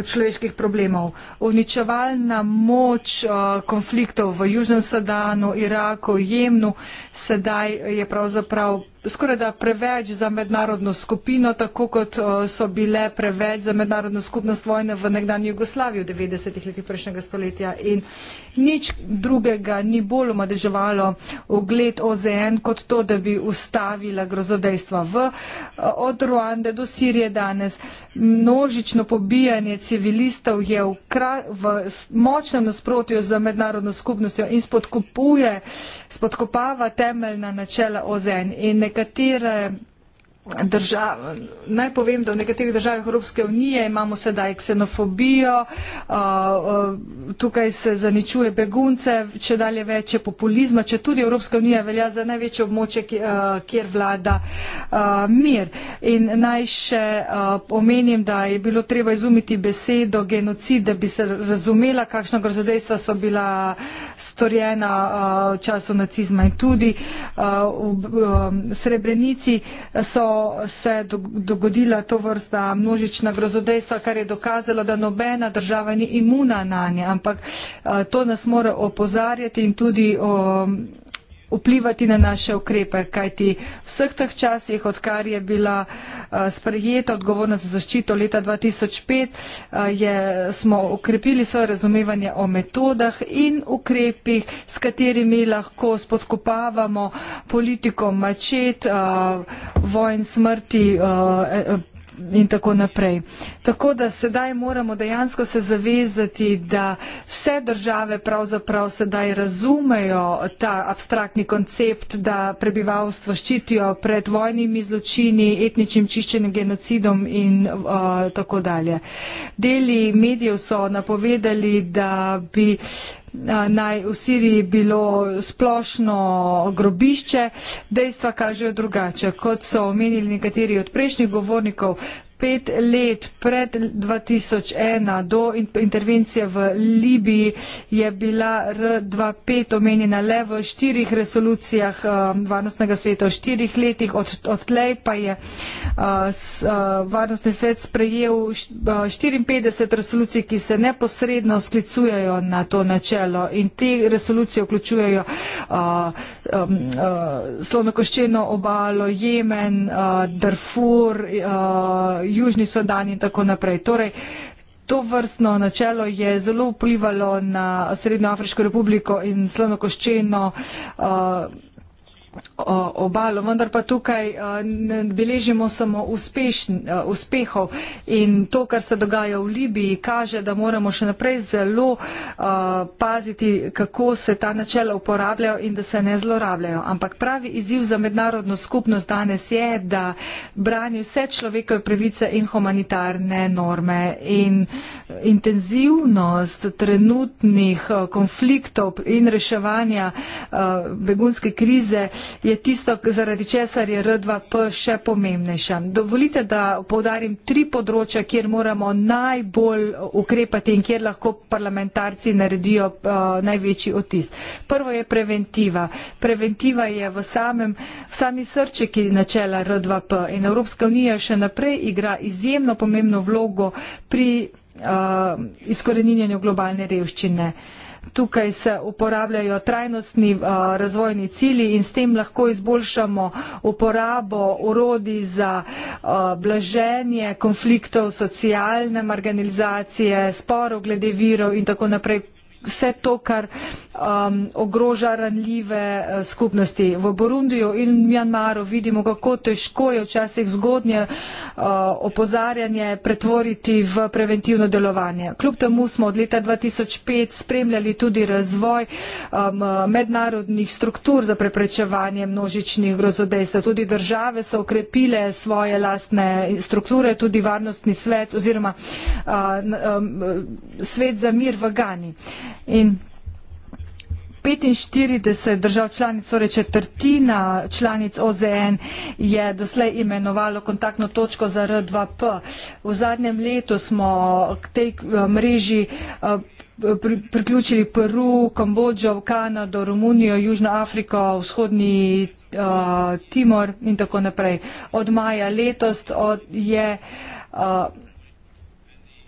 človeških problemov. Uničevalna moč uh, konfliktov v Južnem Sudanu, Iraku, Jemnu sedaj je pravzaprav skoraj da preveč za mednarodno skupino, tako kot so bile preveč za mednarodno skupnost vojne v nekdanji Jugoslaviji v 90-ih letih prejšnjega stoletja. In nič drugega ni bolj omadeževalo ogled OZN kot to, da bi ustavila grozodejstva v, od Ruande do Sirije danes. Množično pobijanje civilistov je v, kra, v močnem nasprotju za mednarodno skupnostjo in spodkopuje, spodkopava temeljna načela OZN. In nekatere držav, naj povem, da v nekaterih državah Evropske unije imamo sedaj ksenofobijo, uh, uh, tukaj se zaničuje begunce, če dalje več je populizma, če tudi Evropska unija velja za največje območje, uh, kjer vlada mir. In naj še omenim, da je bilo treba izumiti besedo genocid, da bi se razumela, kakšna grozodejstva so bila storjena v času nacizma in tudi v um, Srebrenici so se dogodila to vrsta množična grozodejstva, kar je dokazalo, da nobena država ni imuna na nje, ampak to nas mora opozarjati in tudi o, vplivati na naše ukrepe, kajti vseh teh časih, odkar je bila eh, sprejeta odgovornost za zaščito leta 2005, eh, je, smo ukrepili svoje razumevanje o metodah in ukrepih, s katerimi lahko spodkopavamo politiko mačet, eh, vojn smrti, in tako naprej. Tako da sedaj moramo dejansko se zavezati, da vse države pravzaprav sedaj razumejo ta abstraktni koncept, da prebivalstvo ščitijo pred vojnimi zločini, etničnim čiščenjem, genocidom in uh, tako dalje. Deli medijev so napovedali, da bi uh, naj v Siriji bilo splošno grobišče. Dejstva kažejo drugače, kot so omenili nekateri od prejšnjih govornikov, pet let pred 2001 do intervencije v Libiji je bila R25 omenjena le v štirih resolucijah eh, Varnostnega sveta v štirih letih, od, od tlej pa je eh, s, eh, Varnostni svet sprejel 54 resolucij, ki se neposredno sklicujejo na to načelo in te resolucije vključujejo slonokoščeno obalo, Jemen, Darfur, Južni Sudan in tako naprej. Torej, To vrstno načelo je zelo vplivalo na Srednjo Afriško republiko in slonokoščeno uh, obalo, vendar pa tukaj eh, ne beležimo samo uspešn, eh, uspehov in to, kar se dogaja v Libiji, kaže, da moramo še naprej zelo eh, paziti, kako se ta načela uporabljajo in da se ne zlorabljajo. Ampak pravi izziv za mednarodno skupnost danes je, da brani vse človekove pravice in humanitarne norme in intenzivnost trenutnih konfliktov in reševanja begunske krize je je tisto, zaradi česar je R2P še pomembnejša. Dovolite, da povdarim tri področja, kjer moramo najbolj ukrepati in kjer lahko parlamentarci naredijo uh, največji otis. Prvo je preventiva. Preventiva je v, samem, v sami srčiki načela R2P in Evropska unija še naprej igra izjemno pomembno vlogo pri uh, izkoreninjanju globalne revščine. Uh, Tukaj se uporabljajo trajnostni uh, razvojni cilji in s tem lahko izboljšamo uporabo urodi za uh, blaženje konfliktov, socialne marginalizacije, sporov glede virov in tako naprej, vse to, kar um, ogroža ranljive eh, skupnosti. V Burundiju in Mjanmaru vidimo, kako težko je včasih zgodnje uh, opozarjanje pretvoriti v preventivno delovanje. Kljub temu smo od leta 2005 spremljali tudi razvoj um, mednarodnih struktur za preprečevanje množičnih grozodejstva. Tudi države so okrepile svoje lastne strukture, tudi varnostni svet oziroma uh, um, svet za mir v Gani. In 45 držav članic, torej četrtina članic OZN je doslej imenovalo kontaktno točko za R2P. V zadnjem letu smo k tej eh, mreži eh, priključili Peru, Kambodžo, Kanado, Romunijo, Južno Afriko, Vzhodni uh, Timor in tako naprej. Od maja letos od, je uh,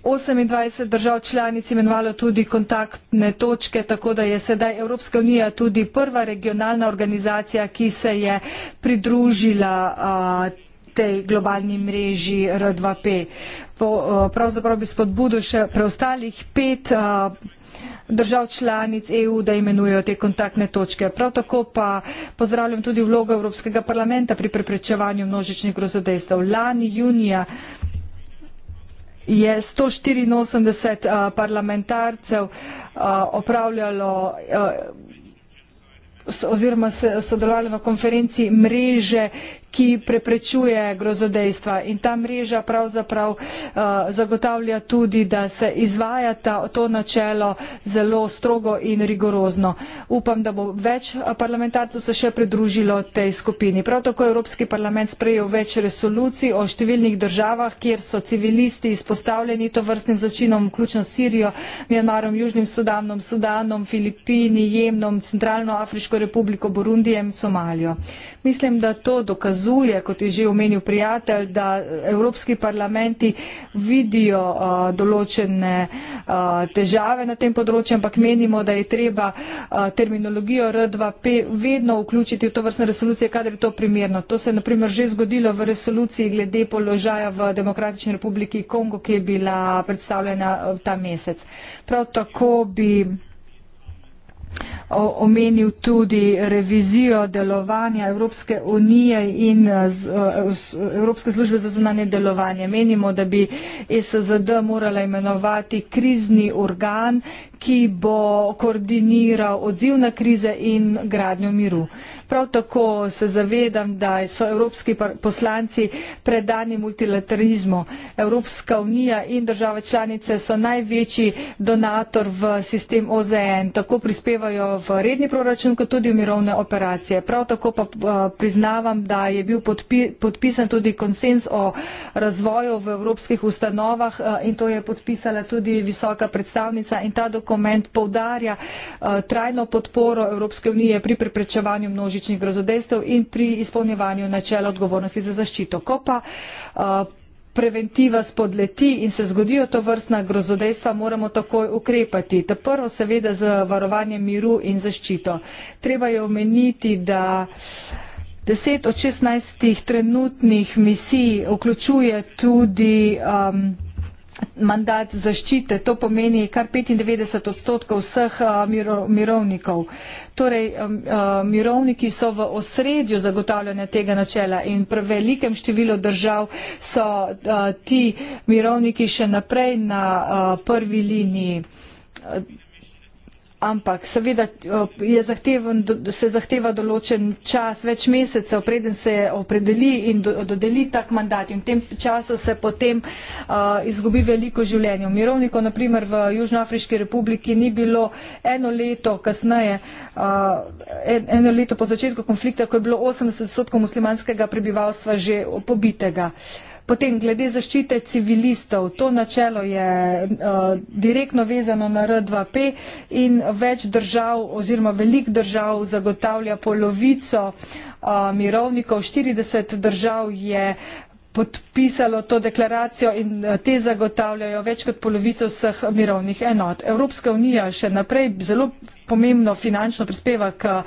28 držav članic imenovalo tudi kontaktne točke, tako da je sedaj Evropska unija tudi prva regionalna organizacija, ki se je pridružila tej globalni mreži R2P. Pravzaprav bi spodbudil še preostalih pet držav članic EU, da imenujejo te kontaktne točke. Prav tako pa pozdravljam tudi vlogo Evropskega parlamenta pri preprečevanju množičnih grozodejstev. Lani junija je 184 uh, parlamentarcev uh, opravljalo uh, oziroma sodelovali v konferenci mreže, ki preprečuje grozodejstva. In ta mreža pravzaprav uh, zagotavlja tudi, da se izvaja to načelo zelo strogo in rigorozno. Upam, da bo več parlamentarcev se še pridružilo tej skupini. Prav tako je Evropski parlament sprejel več resolucij o številnih državah, kjer so civilisti izpostavljeni to vrstnim zločinom, vključno s Sirijo, Mjanmarom, Južnim Sudanom, Sudanom, Filipini, Jemnom, Centralno Afriško republiko, Burundijem, Somalijo. Mislim, da to dokazuje, kot je že omenil prijatelj, da evropski parlamenti vidijo uh, določene uh, težave na tem področju, ampak menimo, da je treba uh, terminologijo R2P vedno vključiti v to vrstne resolucije, kadar je to primerno. To se je naprimer že zgodilo v resoluciji glede položaja v Demokratični republiki Kongo, ki je bila predstavljena ta mesec. Prav tako bi omenil tudi revizijo delovanja Evropske unije in eh, eh, Evropske službe za zunanje delovanje. Menimo, da bi ESZD morala imenovati krizni organ, ki bo koordiniral odziv na krize in gradnjo miru. Prav tako se zavedam, da so evropski poslanci predani multilaterizmu. Evropska unija in države članice so največji donator v sistem OZN, tako prispevajo v redni proračun, kot tudi v mirovne operacije. Prav tako pa eh, priznavam, da je bil podpi, podpisan tudi konsens o razvoju v evropskih ustanovah eh, in to je podpisala tudi visoka predstavnica in ta dokument povdarja eh, trajno podporo Evropske unije pri preprečevanju množičnih grozodejstev in pri izpolnjevanju načela odgovornosti za zaščito. Ko pa uh, preventiva spodleti in se zgodijo to vrstna grozodejstva, moramo takoj ukrepati. Ta prvo seveda z varovanjem miru in zaščito. Treba je omeniti, da 10 od 16 trenutnih misij vključuje tudi um, mandat zaščite, to pomeni kar 95 odstotkov vseh eh, mirovnikov. Torej, eh, mirovniki so v osredju zagotavljanja tega načela in pri velikem številu držav so eh, ti mirovniki še naprej na prvi liniji ampak seveda eh, zahteven, se zahteva določen čas, več mesecev, preden se opredeli in do, dodeli tak mandat. In v tem času se potem uh, izgubi veliko življenja. Mirovnikov, naprimer, v Južnoafriški republiki ni bilo eno leto kasneje, uh, en, eno leto po začetku konflikta, ko je bilo 80% muslimanskega prebivalstva že pobitega. Uh, Potem glede zaščite civilistov, to načelo je uh, direktno vezano na R2P in več držav oziroma velik držav zagotavlja polovico uh, mirovnikov, 40 držav je uh, podpisalo to deklaracijo in eh, te zagotavljajo več kot polovico vseh mirovnih enot. Evropska unija še naprej zelo pomembno finančno prispeva k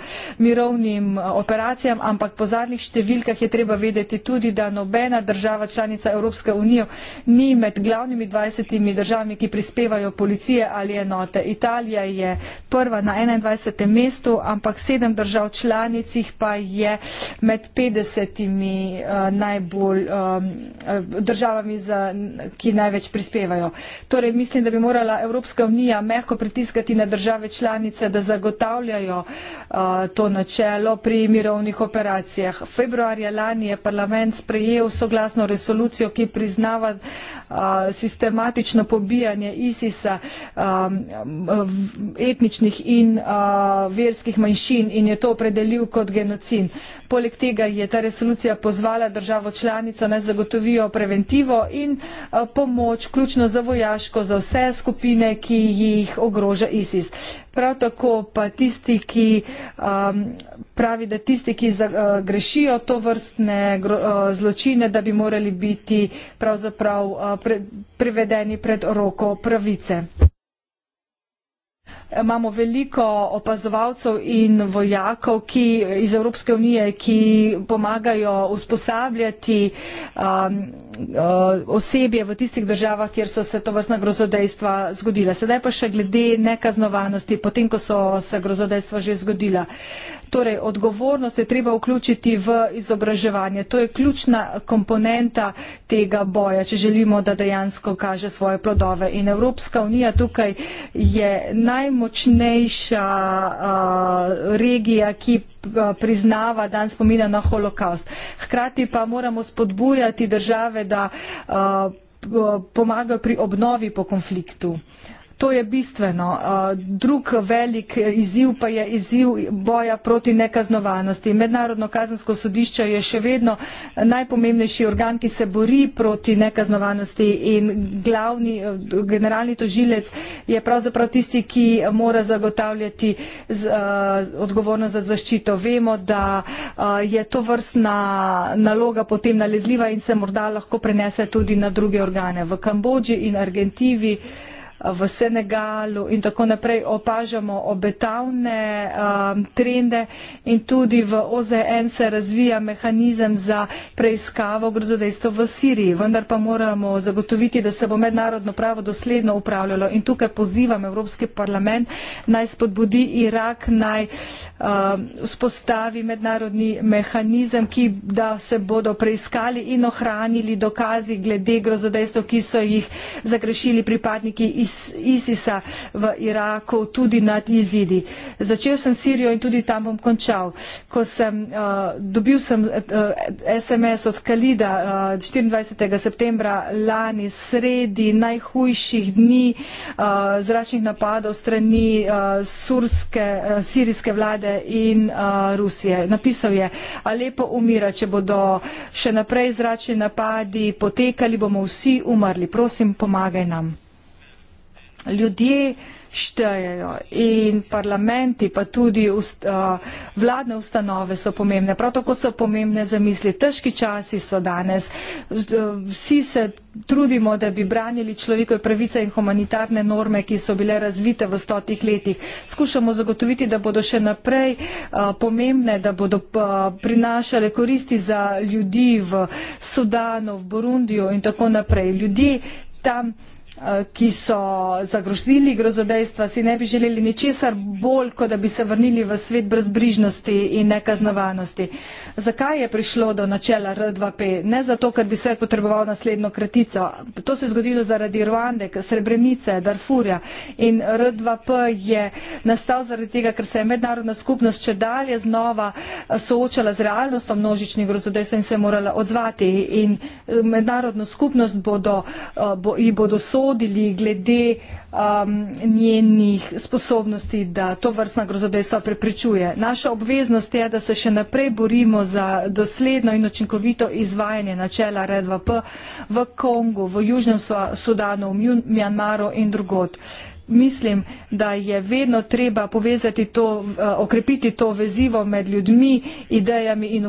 mirovnim eh, operacijam, ampak po zadnjih številkah je treba vedeti tudi, da nobena država članica Evropske unije ni med glavnimi 20 državami, ki prispevajo policije ali enote. Italija je prva na 21. mestu, ampak sedem držav članicih pa je med 50 eh, najbolj uh, Eh, državami, za, ki največ prispevajo. Torej, mislim, da bi morala Evropska unija mehko pritiskati na države članice, da zagotavljajo eh, to načelo pri mirovnih operacijah. Februarja lani je parlament sprejel soglasno resolucijo, ki priznava eh, sistematično pobijanje ISIS-a etničnih in verskih manjšin in je to opredelil kot genocid. Poleg tega je ta resolucija pozvala državo članico na zagotovijo preventivo in eh, pomoč, ključno za vojaško, za vse skupine, ki jih ogroža ISIS. Prav tako pa tisti, ki um, pravi, da tisti, ki eh, grešijo to vrstne eh, zločine, da bi morali biti pravzaprav pre prevedeni pred roko pravice imamo veliko opazovalcev in vojakov ki, iz Evropske unije, ki pomagajo usposabljati um, uh, osebje v tistih državah, kjer so se to vrstna grozodejstva zgodila. Sedaj pa še glede nekaznovanosti, potem, ko so se grozodejstva že zgodila. Torej, odgovornost je treba vključiti v izobraževanje. To je ključna komponenta tega boja, če želimo, da dejansko kaže svoje plodove. In Evropska unija tukaj je najmanjša najmočnejša uh, regija, ki priznava dan spomina na holokaust. Hkrati pa moramo spodbujati države, da uh, pomagajo pri obnovi po konfliktu. Uh, To je bistveno. Uh, drug velik izziv pa je izziv boja proti nekaznovanosti. Mednarodno kazansko sodišče je še vedno najpomembnejši organ, ki se bori proti nekaznovanosti in glavni uh, generalni tožilec je pravzaprav tisti, ki mora zagotavljati uh, odgovornost za zaščito. Vemo, da je to vrstna naloga potem nalezljiva in se morda lahko prenese tudi na druge organe. V Kambodži in Argentivi v Senegalu in tako naprej opažamo obetavne um, trende in tudi v OZN se razvija mehanizem za preiskavo grozodejstva v Siriji, vendar pa moramo zagotoviti, da se bo mednarodno pravo dosledno upravljalo in tukaj pozivam Evropski parlament naj spodbudi Irak, naj um, spostavi mednarodni mehanizem, ki da se bodo preiskali in ohranili dokazi glede grozodejstva, ki so jih zagrešili pripadniki iz ISIS-a v Iraku, tudi nad Jezidi. Začel sem Sirijo in tudi tam bom končal. Ko sem uh, dobil sem, uh, eh, SMS od Kalida uh, eh, 24. septembra lani, sredi najhujših dni uh, zračnih napadov strani uh, surske, uh, sirijske vlade in uh, Rusije. Napisal je, a lepo umira, če bodo še naprej zračni napadi potekali, bomo vsi umrli. Prosim, pomagaj nam ljudje štejejo in parlamenti, pa tudi ust, uh, vladne ustanove so pomembne. Prav tako so pomembne zamisli. Težki časi so danes. E, vsi se trudimo, da bi branili človekove pravice in humanitarne norme, ki so bile razvite v stotih letih. Skušamo zagotoviti, da bodo še naprej uh, pomembne, da bodo uh, prinašale koristi za ljudi v Sudanu, v Burundiju in tako naprej. Ljudje tam Eh, ki so zagrozili grozodejstva, si ne bi želeli ničesar bolj, kot da bi se vrnili v svet brezbrižnosti in nekaznovanosti. Zakaj je prišlo do načela R2P? Ne zato, ker bi svet potreboval naslednjo kratico. To se je zgodilo zaradi Rwande, Srebrenice, Darfurja in R2P je nastal zaradi tega, ker se je mednarodna skupnost če dalje znova eh, soočala z realnostjo množičnih grozodejstva in se je morala odzvati. In eh, mednarodno skupnost bodo, bo, sodili glede um, njenih sposobnosti, da to vrstna grozodejstva preprečuje. Naša obveznost je, da se še naprej borimo za dosledno in očinkovito izvajanje načela RDVP v Kongu, v Južnem Sudanu, v Mjanmaru in drugod mislim, da je vedno treba povezati to, eh, okrepiti to vezivo med ljudmi, idejami in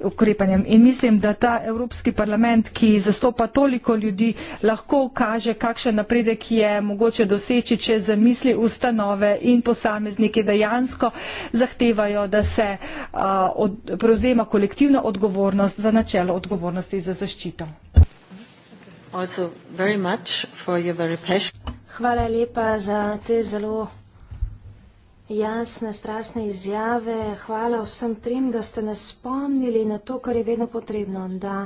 ukrepanjem. In mislim, da ta Evropski parlament, ki zastopa toliko ljudi, lahko kaže, kakšen napredek je mogoče doseči, če zamisli ustanove in posamezniki dejansko zahtevajo, da se eh, prevzema kolektivno odgovornost za načelo odgovornosti za zaščito. Also very much for your very passion. Hvala lepa za te zelo jasne, strasne izjave. Hvala vsem trim, da ste nas spomnili na to, kar je vedno potrebno, da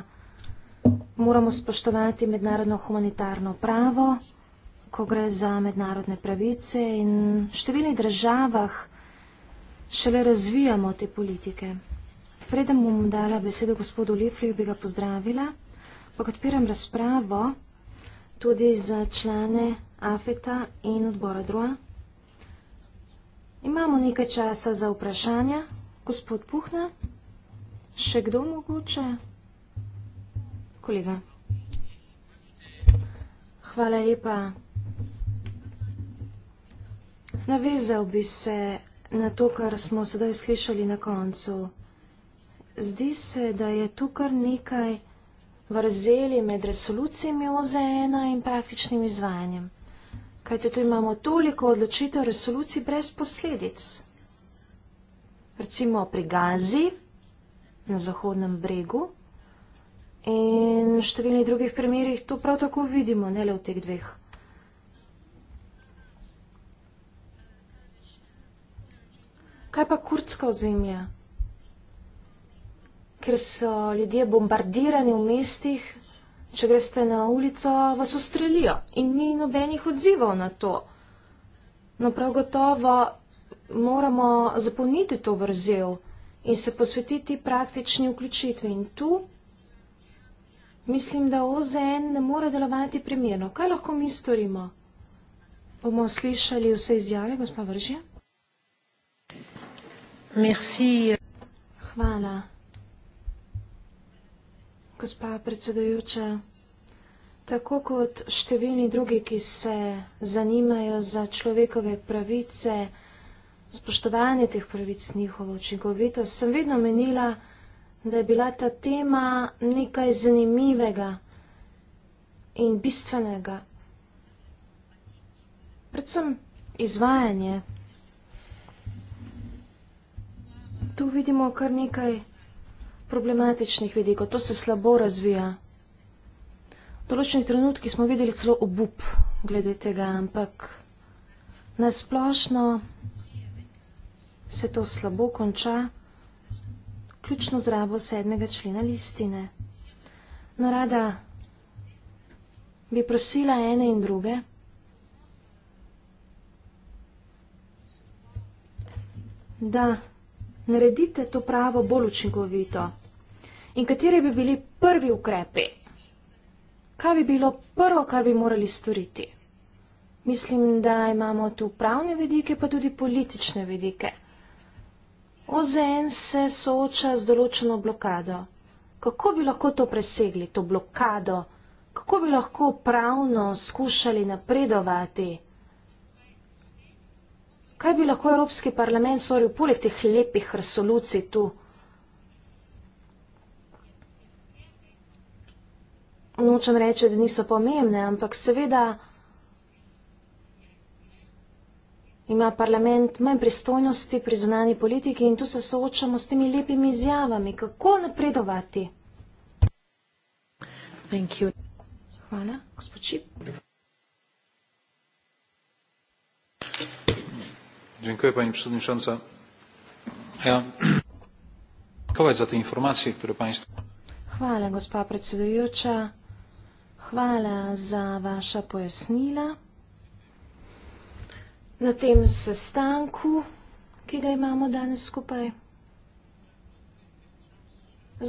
moramo spoštovati mednarodno humanitarno pravo, ko gre za mednarodne pravice in v številnih državah šele razvijamo te politike. Preden bom dala besedo gospodu Liflju, bi ga pozdravila, pa odpiram razpravo tudi za člane Afeta in odbora Drua. Imamo nekaj časa za vprašanja. Gospod Puhna, še kdo mogoče? Kolega. Hvala lepa. Navezal bi se na to, kar smo sedaj slišali na koncu. Zdi se, da je tu kar nekaj vrzeli med resolucijami OZN in praktičnim izvajanjem. Kajte tu imamo toliko odločitev resolucij brez posledic. Recimo pri Gazi, na Zahodnem bregu in v številnih drugih primerjih to prav tako vidimo, ne le v teh dveh. Kaj pa kurdska odzemlja? Ker so ljudje bombardirani v mestih, Če greste na ulico, vas ustrelijo in ni nobenih odzivov na to. No prav gotovo moramo zapolniti to vrzel in se posvetiti praktični vključitvi. In tu mislim, da OZN ne more delovati primerno. Kaj lahko mi storimo? Bomo slišali vse izjave, gospa Vržja? Merci. Hvala gospa predsedujoča. Tako kot številni drugi, ki se zanimajo za človekove pravice, spoštovanje teh pravic njihovo učinkovitost, sem vedno menila, da je bila ta tema nekaj zanimivega in bistvenega. Predvsem izvajanje. Tu vidimo kar nekaj problematičnih vidikov. To se slabo razvija. V določenih trenutki smo videli celo obup glede tega, ampak nasplošno se to slabo konča, ključno zrabo sedmega člena listine. No, rada bi prosila ene in druge, da naredite to pravo bolj učinkovito in kateri bi bili prvi ukrepi? Kaj bi bilo prvo, kar bi morali storiti? Mislim, da imamo tu pravne vidike, pa tudi politične vidike. OZN se sooča z določeno blokado. Kako bi lahko to presegli, to blokado? Kako bi lahko pravno skušali napredovati? Kaj bi lahko Evropski parlament storil poleg teh lepih resolucij tu? nočem reči, da niso pomembne, ampak seveda ima parlament manj pristojnosti pri zunani politiki in tu se soočamo s temi lepimi izjavami, kako napredovati. Thank you. Hvala, gospod Čip. Dziękuję Pani Przewodnicząca. Ja dziękuję za te informacje, które Państwo... Chwalę, gospa Przewodnicząca. Hvala za vaša pojasnila. Na tem sestanku, ki ga imamo danes skupaj,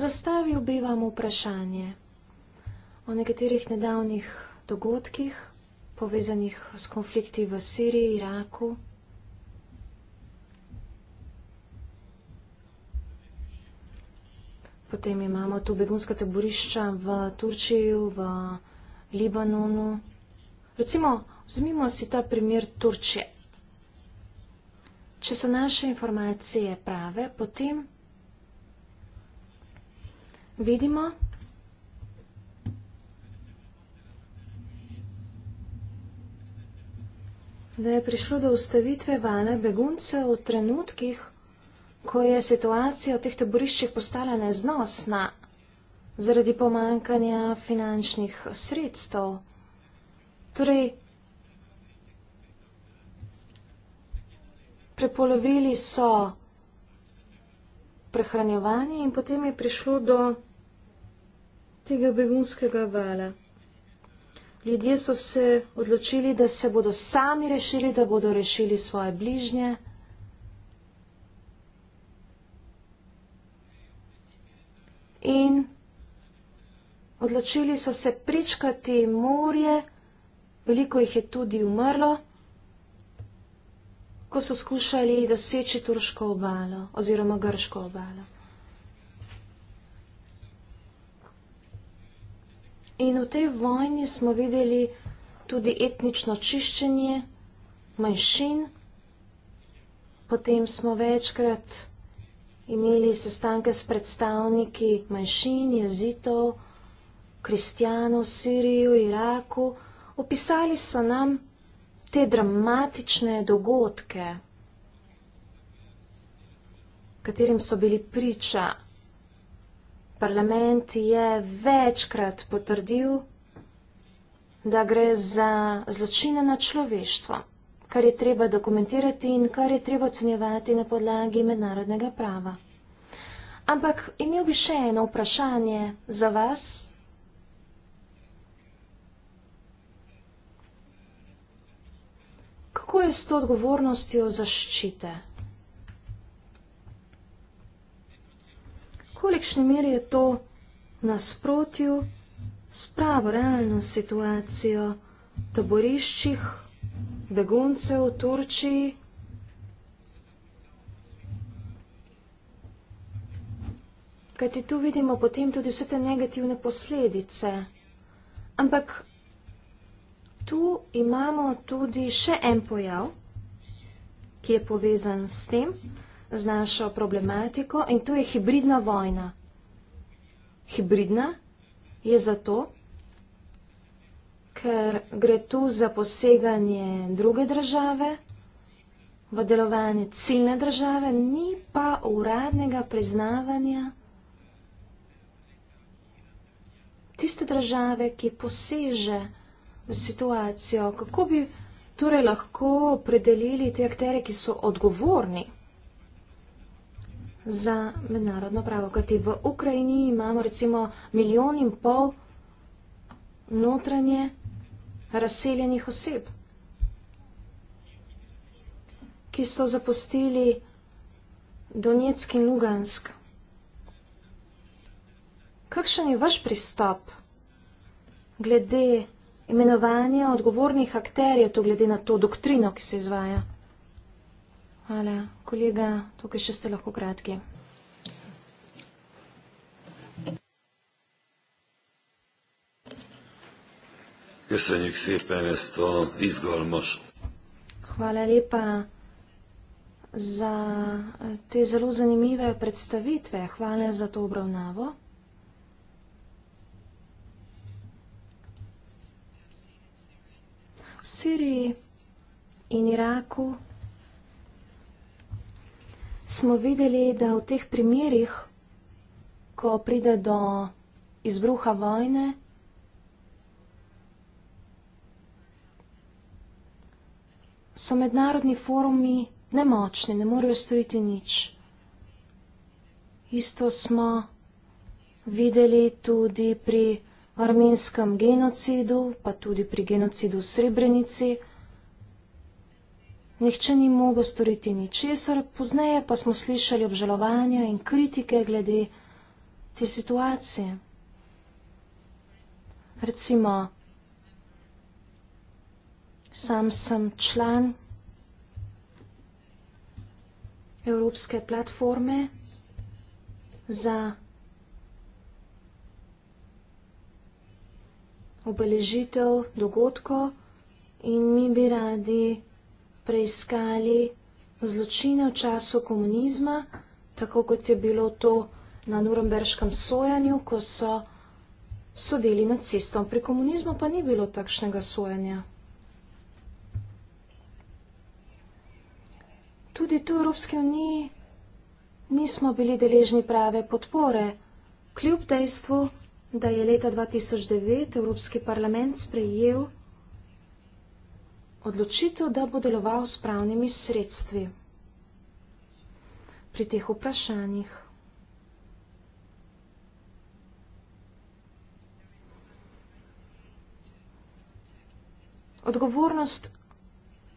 zastavil bi vam vprašanje o nekaterih nedavnih dogodkih, povezanih s konflikti v Siriji, Iraku. Potem imamo tu begunska taborišča v Turčiji, v Libanonu. Recimo, vzmimo si ta primer Turčije. Če so naše informacije prave, potem vidimo, da je prišlo do ustavitve vale beguncev v trenutkih, ko je situacija v teh taboriščih postala neznosna zaradi pomankanja finančnih sredstev. Torej, prepolovili so prehranjevanje in potem je prišlo do tega begunskega vala. Ljudje so se odločili, da se bodo sami rešili, da bodo rešili svoje bližnje. in odločili so se pričkati morje, veliko jih je tudi umrlo, ko so skušali doseči turško obalo oziroma grško obalo. In v tej vojni smo videli tudi etnično čiščenje manjšin, potem smo večkrat videli, imeli sestanke s predstavniki manjšin, jezitov, kristijanov, Siriju, Iraku. Opisali so nam te dramatične dogodke, katerim so bili priča. Parlament je večkrat potrdil, da gre za zločine na človeštvo kar je treba dokumentirati in kar je treba ocenjevati na podlagi mednarodnega prava. Ampak imel bi še eno vprašanje za vas. Kako je s to odgovornostjo zaščite? Kolikšni meri je to nasprotju s pravo realno situacijo v taboriščih? beguncev v Turčiji. Kajti tu vidimo potem tudi vse te negativne posledice. Ampak tu imamo tudi še en pojav, ki je povezan s tem, z našo problematiko in to je hibridna vojna. Hibridna je zato, ker gre tu za poseganje druge države, v delovanje ciljne države, ni pa uradnega priznavanja tiste države, ki poseže v situacijo. Kako bi torej lahko predelili te akterje, ki so odgovorni za mednarodno pravo? Kajti v Ukrajini imamo recimo milijon in pol notranje razseljenih oseb, ki so zapustili Donetsk in Lugansk. Kakšen je vaš pristop glede imenovanja odgovornih akterjev, to glede na to doktrino, ki se izvaja? Hvala, kolega, tukaj še ste lahko kratki. Köszönjük szépen ezt az izgalmas. Hvala lepa za eh, te zelo zanimive predstavitve. Hvala za to obravnavo. V Siriji in Iraku smo videli, da v teh primerih, ko pride do izbruha vojne, so mednarodni forumi nemočni, ne morejo storiti nič. Isto smo videli tudi pri armenskem genocidu, pa tudi pri genocidu v Srebrenici. Nihče ni mogel storiti ničesar, pozneje pa smo slišali obžalovanja in kritike glede te situacije. Recimo, Sam sem član Evropske platforme za obeležitev dogodkov in mi bi radi preiskali zločine v času komunizma, tako kot je bilo to na Nuremberškem sojanju, ko so sodeli nacistom. Pri komunizmu pa ni bilo takšnega sojanja. Tudi tu v Evropski uniji nismo bili deležni prave podpore, kljub dejstvu, da je leta 2009 Evropski parlament sprejel odločitev, da bo deloval s pravnimi sredstvi pri teh vprašanjih. Odgovornost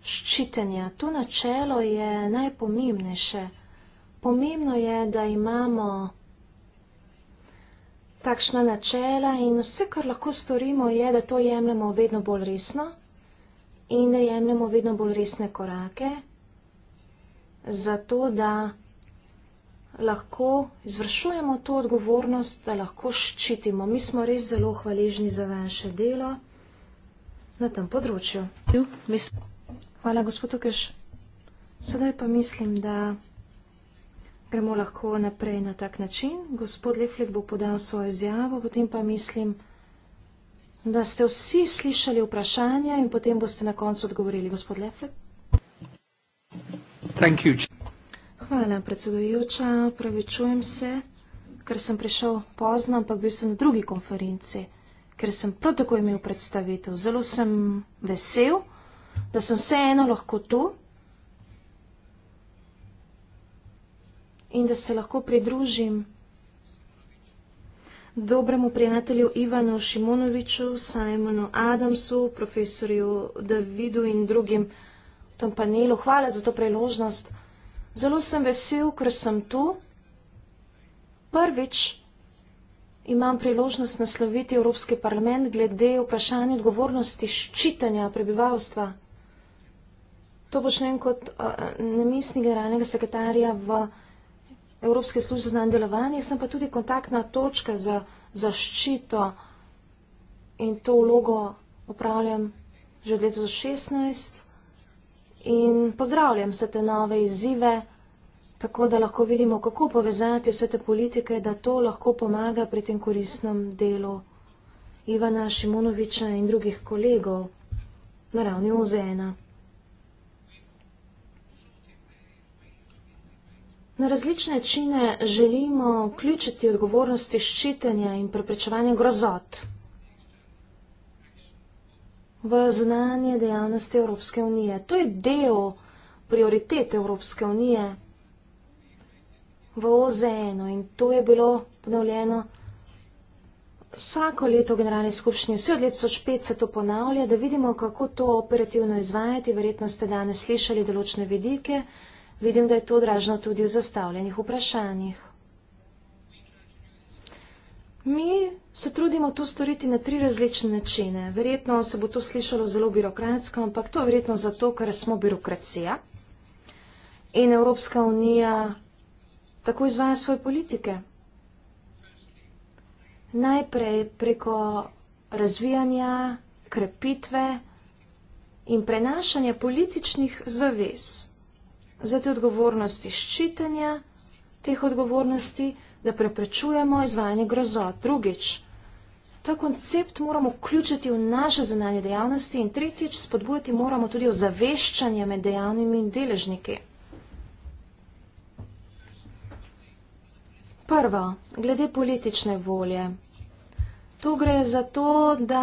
ščitenja. To načelo je najpomembnejše. Pomembno je, da imamo takšna načela in vse, kar lahko storimo, je, da to jemljemo vedno bolj resno in da jemljemo vedno bolj resne korake, zato da lahko izvršujemo to odgovornost, da lahko ščitimo. Mi smo res zelo hvaležni za vaše delo na tem področju. Mislim. Hvala, gospod Tukeš. Sedaj pa mislim, da gremo lahko naprej na tak način. Gospod Leflek bo podal svojo izjavo, potem pa mislim, da ste vsi slišali vprašanja in potem boste na koncu odgovorili. Gospod Leflek. Hvala, predsedujoča. Pravičujem se, ker sem prišel pozno, ampak bil sem na drugi konferenci, ker sem prav tako imel predstavitev. Zelo sem vesel da sem vseeno lahko tu in da se lahko pridružim dobremu prijatelju Ivanu Šimonoviču, Simonu Adamsu, profesorju Davidu in drugim v tom panelu. Hvala za to priložnost. Zelo sem vesel, ker sem tu. Prvič imam priložnost nasloviti Evropski parlament glede vprašanja odgovornosti ščitanja prebivalstva to počnem kot uh, namestnik generalnega sekretarja v Evropske službe za delovanje, sem pa tudi kontaktna točka za zaščito in to vlogo upravljam že od leta 2016 in pozdravljam vse te nove izzive, tako da lahko vidimo, kako povezati vse te politike, da to lahko pomaga pri tem koristnem delu Ivana Šimonoviča in drugih kolegov na ravni OZN-a. Na različne načine želimo vključiti odgovornosti ščitenja in preprečevanja grozot v zunanje dejavnosti Evropske unije. To je del prioritet Evropske unije v OZN in to je bilo ponovljeno vsako leto v Generalni skupščini. Vse od leta 2005 se to ponavlja, da vidimo, kako to operativno izvajati. Verjetno ste danes slišali določene vidike. Vidim, da je to odraženo tudi v zastavljenih vprašanjih. Mi se trudimo to storiti na tri različne načine. Verjetno se bo to slišalo zelo birokratsko, ampak to je verjetno zato, ker smo birokracija in Evropska unija tako izvaja svoje politike. Najprej preko razvijanja, krepitve in prenašanja političnih zavez za te odgovornosti ščitenja teh odgovornosti, da preprečujemo izvajanje grozot. Drugič, ta koncept moramo vključiti v naše zunanje dejavnosti in tretjič, spodbujati moramo tudi ozaveščanje med dejavnimi in deležniki. Prvo, glede politične volje. Tu gre za to, da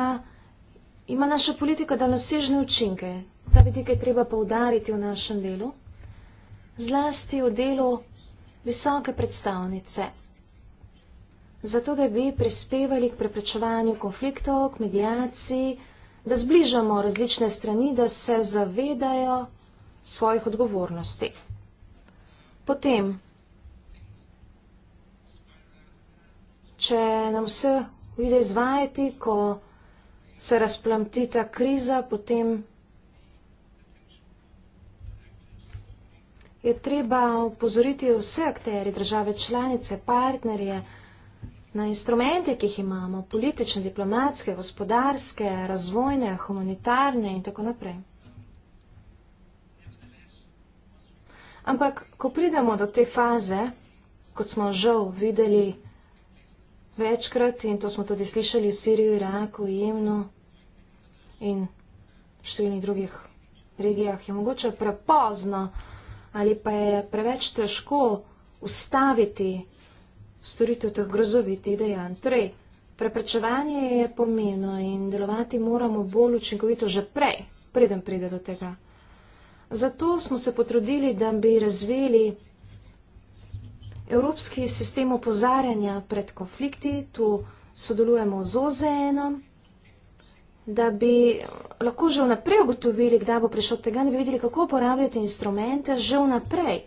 ima naša politika danosežne učinke. Ta vidika je treba poudariti v našem delu zlasti v delu visoke predstavnice, zato da bi prispevali k preprečevanju konfliktov, k medijaciji, da zbližamo različne strani, da se zavedajo svojih odgovornosti. Potem, če nam vse vide izvajati, ko se razplamtita kriza, potem je treba upozoriti vse akterje, države članice, partnerje, na instrumente, ki jih imamo, politične, diplomatske, gospodarske, razvojne, humanitarne in tako naprej. Ampak, ko pridemo do te faze, kot smo žal videli večkrat in to smo tudi slišali v Siriji, Iraku, Jemnu in številnih drugih regijah, je mogoče prepozno, ali pa je preveč težko ustaviti storitev teh grozovitih dejanj. Torej, preprečevanje je pomembno in delovati moramo bolj učinkovito že prej, preden pride do tega. Zato smo se potrudili, da bi razvili evropski sistem opozarjanja pred konflikti. Tu sodelujemo z OZN-om da bi lahko že vnaprej ugotovili, kdaj bo prišel tega, da bi videli, kako uporabljati instrumente že vnaprej,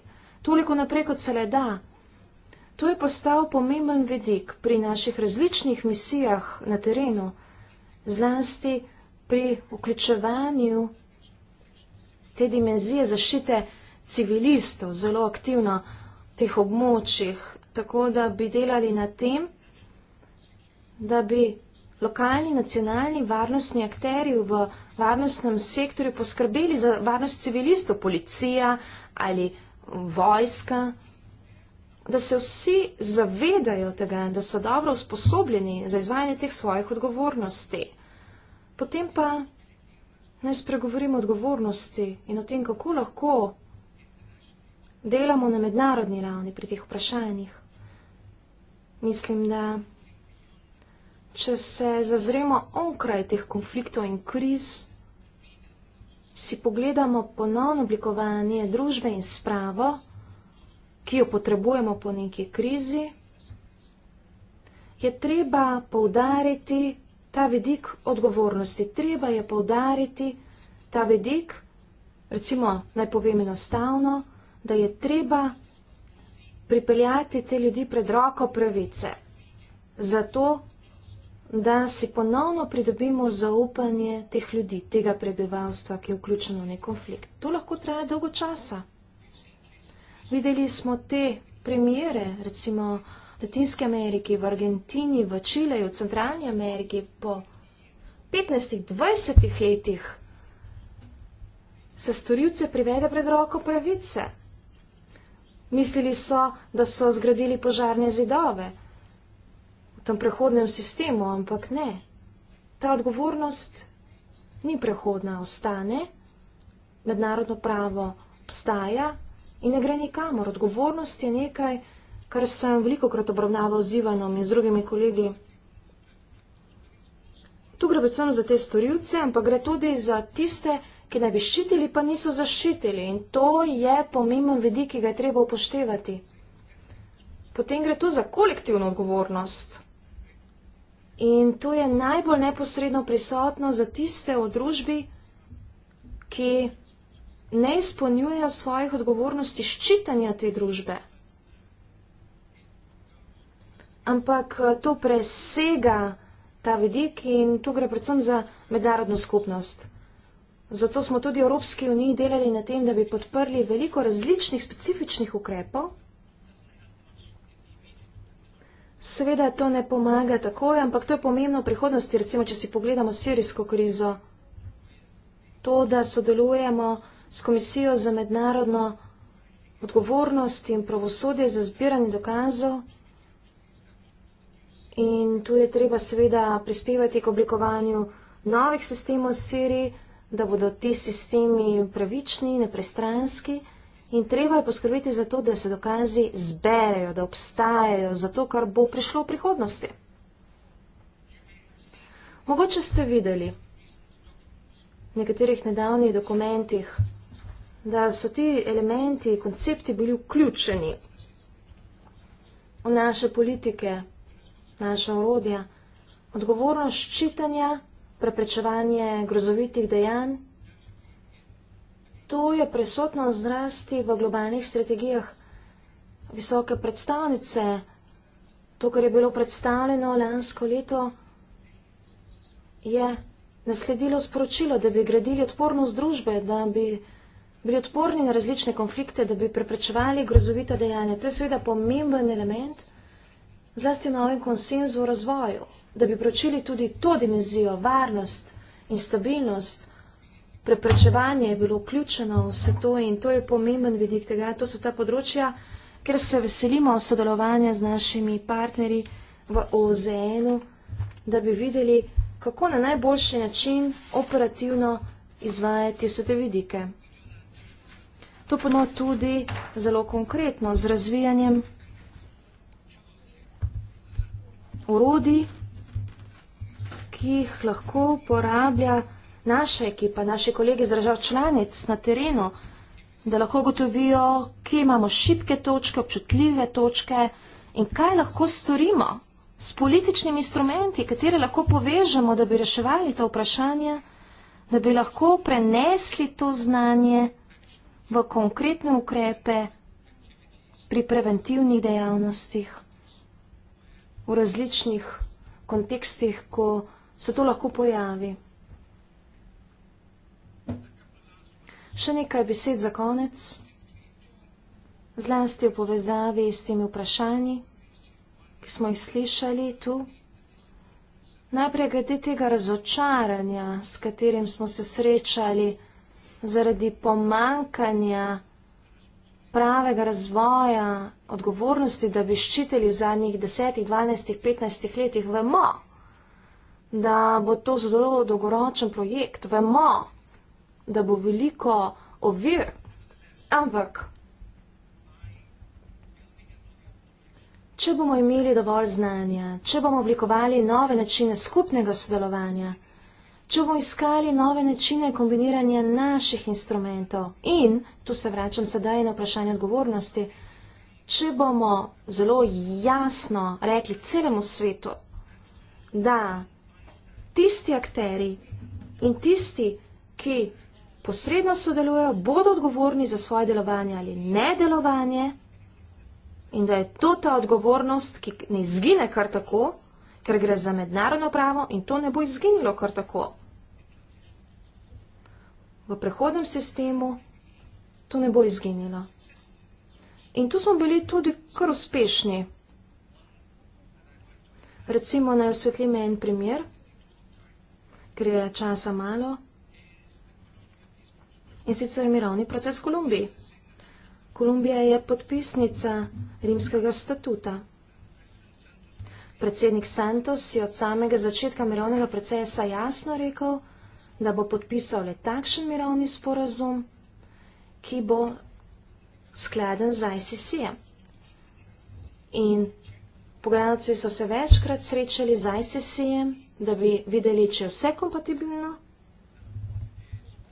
toliko naprej, kot se le da. To je postal pomemben vidik pri naših različnih misijah na terenu, zlasti pri vključevanju te dimenzije zašite civilistov zelo aktivno v teh območjih, tako da bi delali na tem, da bi lokalni, nacionalni varnostni akteri v varnostnem sektorju poskrbeli za varnost civilistov, policija ali vojska, da se vsi zavedajo tega, da so dobro usposobljeni za izvajanje teh svojih odgovornosti. Potem pa naj spregovorimo o odgovornosti in o tem, kako lahko delamo na mednarodni ravni pri teh vprašanjih. Mislim, da Če se zazremo onkraj teh konfliktov in kriz, si pogledamo ponovno oblikovanje družbe in spravo, ki jo potrebujemo po neki krizi, je treba poudariti ta vidik odgovornosti. Treba je poudariti ta vidik, recimo naj povem enostavno, da je treba pripeljati te ljudi pred roko pravice. Zato da si ponovno pridobimo zaupanje teh ljudi, tega prebivalstva, ki je vključeno v nek konflikt. To lahko traja dolgo časa. Videli smo te primere, recimo v Latinske Ameriki, v Argentini, v Čileju, v Centralni Ameriki, po 15-20 letih se storilce privede pred roko pravice. Mislili so, da so zgradili požarne zidove tem prehodnem sistemu, ampak ne. Ta odgovornost ni prehodna, ostane, mednarodno pravo obstaja in ne gre nikamor. Odgovornost je nekaj, kar sem veliko krat obravnaval z Ivanom in z drugimi kolegi. Tu gre predvsem za te storilce, ampak gre tudi za tiste, ki naj bi ščitili, pa niso zaščitili. In to je pomemben vidik, ki ga je treba upoštevati. Potem gre tu za kolektivno odgovornost. In to je najbolj neposredno prisotno za tiste v družbi, ki ne izpolnjujejo svojih odgovornosti ščitanja te družbe. Ampak eh, to presega ta vidik in tu gre predvsem za mednarodno skupnost. Zato smo tudi v Evropski uniji delali na tem, da bi podprli veliko različnih specifičnih ukrepov, Seveda to ne pomaga takoj, ampak to je pomembno v prihodnosti, recimo, če si pogledamo sirijsko krizo. To, da sodelujemo s Komisijo za mednarodno odgovornost in pravosodje za zbiranje dokazov in tu je treba seveda prispevati k oblikovanju novih sistemov v Siriji, da bodo ti sistemi pravični, nepristranski. In treba je poskrbeti za to, da se dokazi zberejo, da obstajajo za to, kar bo prišlo v prihodnosti. Mogoče ste videli v nekaterih nedavnih dokumentih, da so ti elementi, koncepti bili vključeni v naše politike, naše orodja, odgovornost ščitanja, preprečevanje grozovitih dejanj To je prisotno zdrasti v globalnih strategijah visoke predstavnice. To, kar je bilo predstavljeno lansko leto, je nasledilo sporočilo, da bi gradili odpornost družbe, da bi bili odporni na različne konflikte, da bi preprečevali grozovita dejanja. To je seveda pomemben element, zlasti v novem konsenzu o razvoju, da bi pročili tudi to dimenzijo, varnost in stabilnost preprečevanje je bilo vključeno v vse to in to je pomemben vidik tega. To so ta področja, ker se veselimo sodelovanja z našimi partnerji v OZN-u, da bi videli, kako na najboljši način operativno izvajati vse te vidike. To pomeni tudi zelo konkretno z razvijanjem orodij, ki jih lahko uporablja naše ekipa, naše kolege z držav članic na terenu, da lahko gotovijo, kje imamo šibke točke, občutljive točke in kaj lahko storimo s političnimi instrumenti, katere lahko povežemo, da bi reševali ta vprašanja, da bi lahko prenesli to znanje v konkretne ukrepe pri preventivnih dejavnostih v različnih kontekstih, ko se to lahko pojavi. Še nekaj besed za konec, zlasti v povezavi s temi vprašanji, ki smo jih slišali tu. Najprej glede tega razočaranja, s katerim smo se srečali zaradi pomankanja pravega razvoja, odgovornosti, da bi ščiteli v zadnjih 10, 12, 15 letih, vemo, da bo to zelo dolgoročen projekt, vemo, da bo veliko ovir, ampak če bomo imeli dovolj znanja, če bomo oblikovali nove načine skupnega sodelovanja, če bomo iskali nove načine kombiniranja naših instrumentov in, tu se vračam sedaj na vprašanje odgovornosti, če bomo zelo jasno rekli celemu svetu, da tisti akteri in tisti, ki posredno sodelujejo, bodo odgovorni za svoje delovanje ali nedelovanje in da je to ta odgovornost, ki ne izgine kar tako, ker gre za mednarodno pravo in to ne bo izginilo kar tako. V prehodnem sistemu to ne bo izginilo. In tu smo bili tudi kar uspešni. Recimo, naj osvetlim en primer, ker je časa malo in sicer mirovni proces v Kolumbiji. Kolumbija je podpisnica rimskega statuta. Predsednik Santos je od samega začetka mirovnega procesa jasno rekel, da bo podpisal le takšen mirovni sporazum, ki bo skladen z ICC. In pogajalci so se večkrat srečali z ICC, da bi videli, če je vse kompatibilno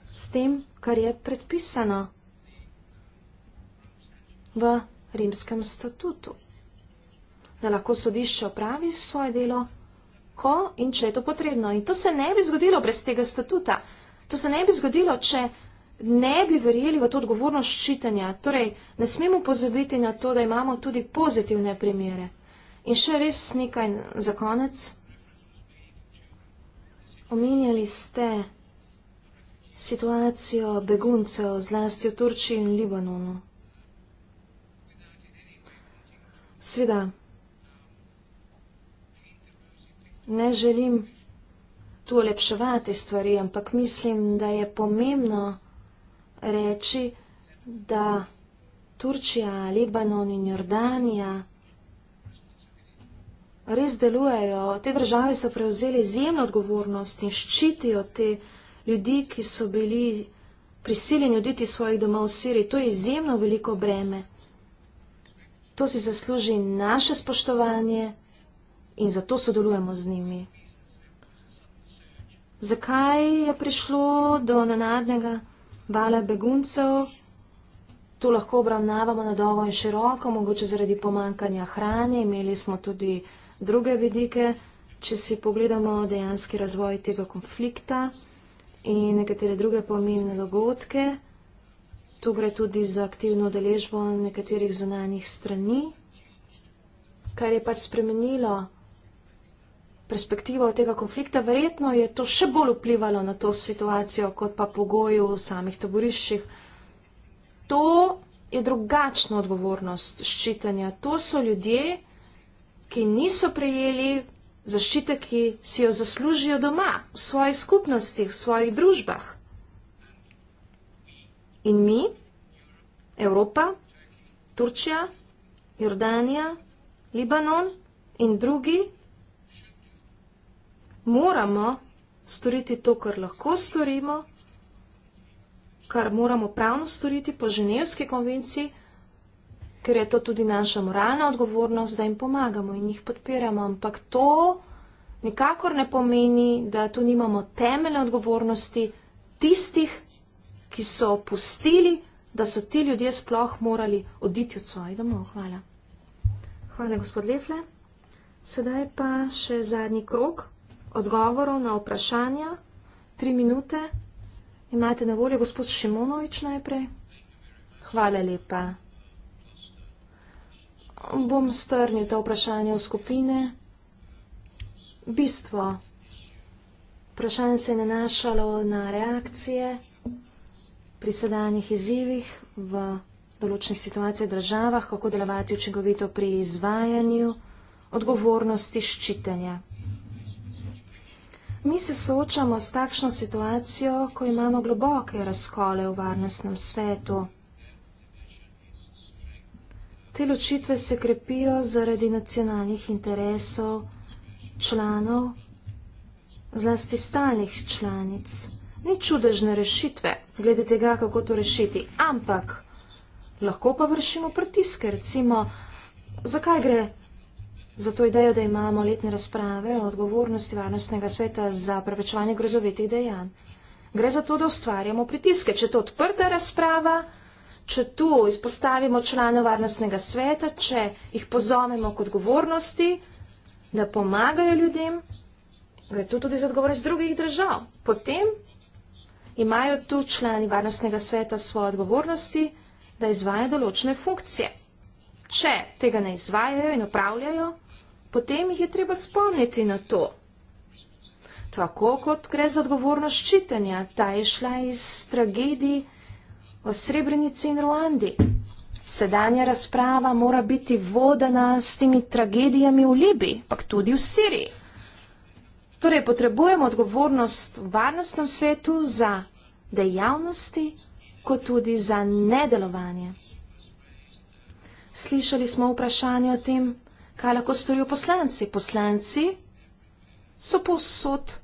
s tem, kar je predpisano v rimskem statutu. Da lahko sodišče opravi svoje delo, ko in če je to potrebno. In to se ne bi zgodilo brez tega statuta. To se ne bi zgodilo, če ne bi verjeli v to odgovornost ščitanja. Torej, ne smemo pozabiti na to, da imamo tudi pozitivne primere. In še res nekaj za konec. Omenjali ste situacijo beguncev, zlasti v Turčiji in Libanonu? Sveda, ne želim tu olepševati stvari, ampak mislim, da je pomembno reči, da Turčija, Libanon in Jordanija res delujejo. Te države so prevzeli izjemno odgovornost in ščitijo te države ljudi, ki so bili prisiljeni oditi svojih domov v Siriji. To je izjemno veliko breme. To si zasluži naše spoštovanje in zato sodelujemo z njimi. Zakaj je prišlo do nenadnega vala beguncev? To lahko obravnavamo na dolgo in široko, mogoče zaradi pomankanja hrane. Imeli smo tudi druge vidike, če si pogledamo dejanski razvoj tega konflikta in nekatere druge pomembne dogodke. Tu gre tudi za aktivno deležbo nekaterih zunanjih strani, kar je pač spremenilo perspektivo tega konflikta. Verjetno je to še bolj vplivalo na to situacijo, kot pa pogoju v samih taboriščih. To je drugačna odgovornost ščitanja. To so ljudje, ki niso prejeli zaščite, ki si jo zaslužijo doma, v svojih skupnostih, v svojih družbah. In mi, Evropa, Turčija, Jordanija, Libanon in drugi, moramo storiti to, kar lahko storimo, kar moramo pravno storiti po ženevski konvenciji, ker je to tudi naša moralna odgovornost, da jim pomagamo in jih podpiramo. Ampak to nikakor ne pomeni, da tu nimamo temeljne odgovornosti tistih, ki so pustili, da so ti ljudje sploh morali oditi od svojih domov. Hvala. Hvala, gospod Lefle. Sedaj pa še zadnji krok odgovorov na vprašanja. Tri minute. Imate na voljo gospod Šimonovič najprej. Hvala lepa bom strnil ta vprašanja v skupine. Bistvo vprašanj se je nanašalo na reakcije pri sedanjih izzivih v določenih situacijah v državah, kako delovati učinkovito pri izvajanju odgovornosti ščitenja. Mi se soočamo s takšno situacijo, ko imamo globoke razkole v varnostnem svetu. Te ločitve se krepijo zaradi nacionalnih interesov članov, zlasti stalnih članic. Ni čudežne rešitve, glede tega, kako to rešiti, ampak lahko pa vršimo pritiske, recimo, zakaj gre za to idejo, da imamo letne razprave o odgovornosti Varnostnega sveta za prepečevanje grozovitih dejanj. Gre za to, da ustvarjamo pritiske, če je to odprta razprava, če tu izpostavimo člane varnostnega sveta, če jih pozovemo k odgovornosti, da pomagajo ljudem, gre tu tudi za odgovornost drugih držav. Potem imajo tu člani varnostnega sveta svoje odgovornosti, da izvajajo določene funkcije. Če tega ne izvajajo in upravljajo, potem jih je treba spomniti na to. Tako kot gre za odgovornost ščitanja, ta je šla iz tragedije o Srebrenici in Ruandi. Sedanja razprava mora biti vodena s temi tragedijami v Libiji, pa tudi v Siriji. Torej, potrebujemo odgovornost v varnostnem svetu za dejavnosti, kot tudi za nedelovanje. Slišali smo vprašanje o tem, kaj lahko storijo poslanci. Poslanci so posod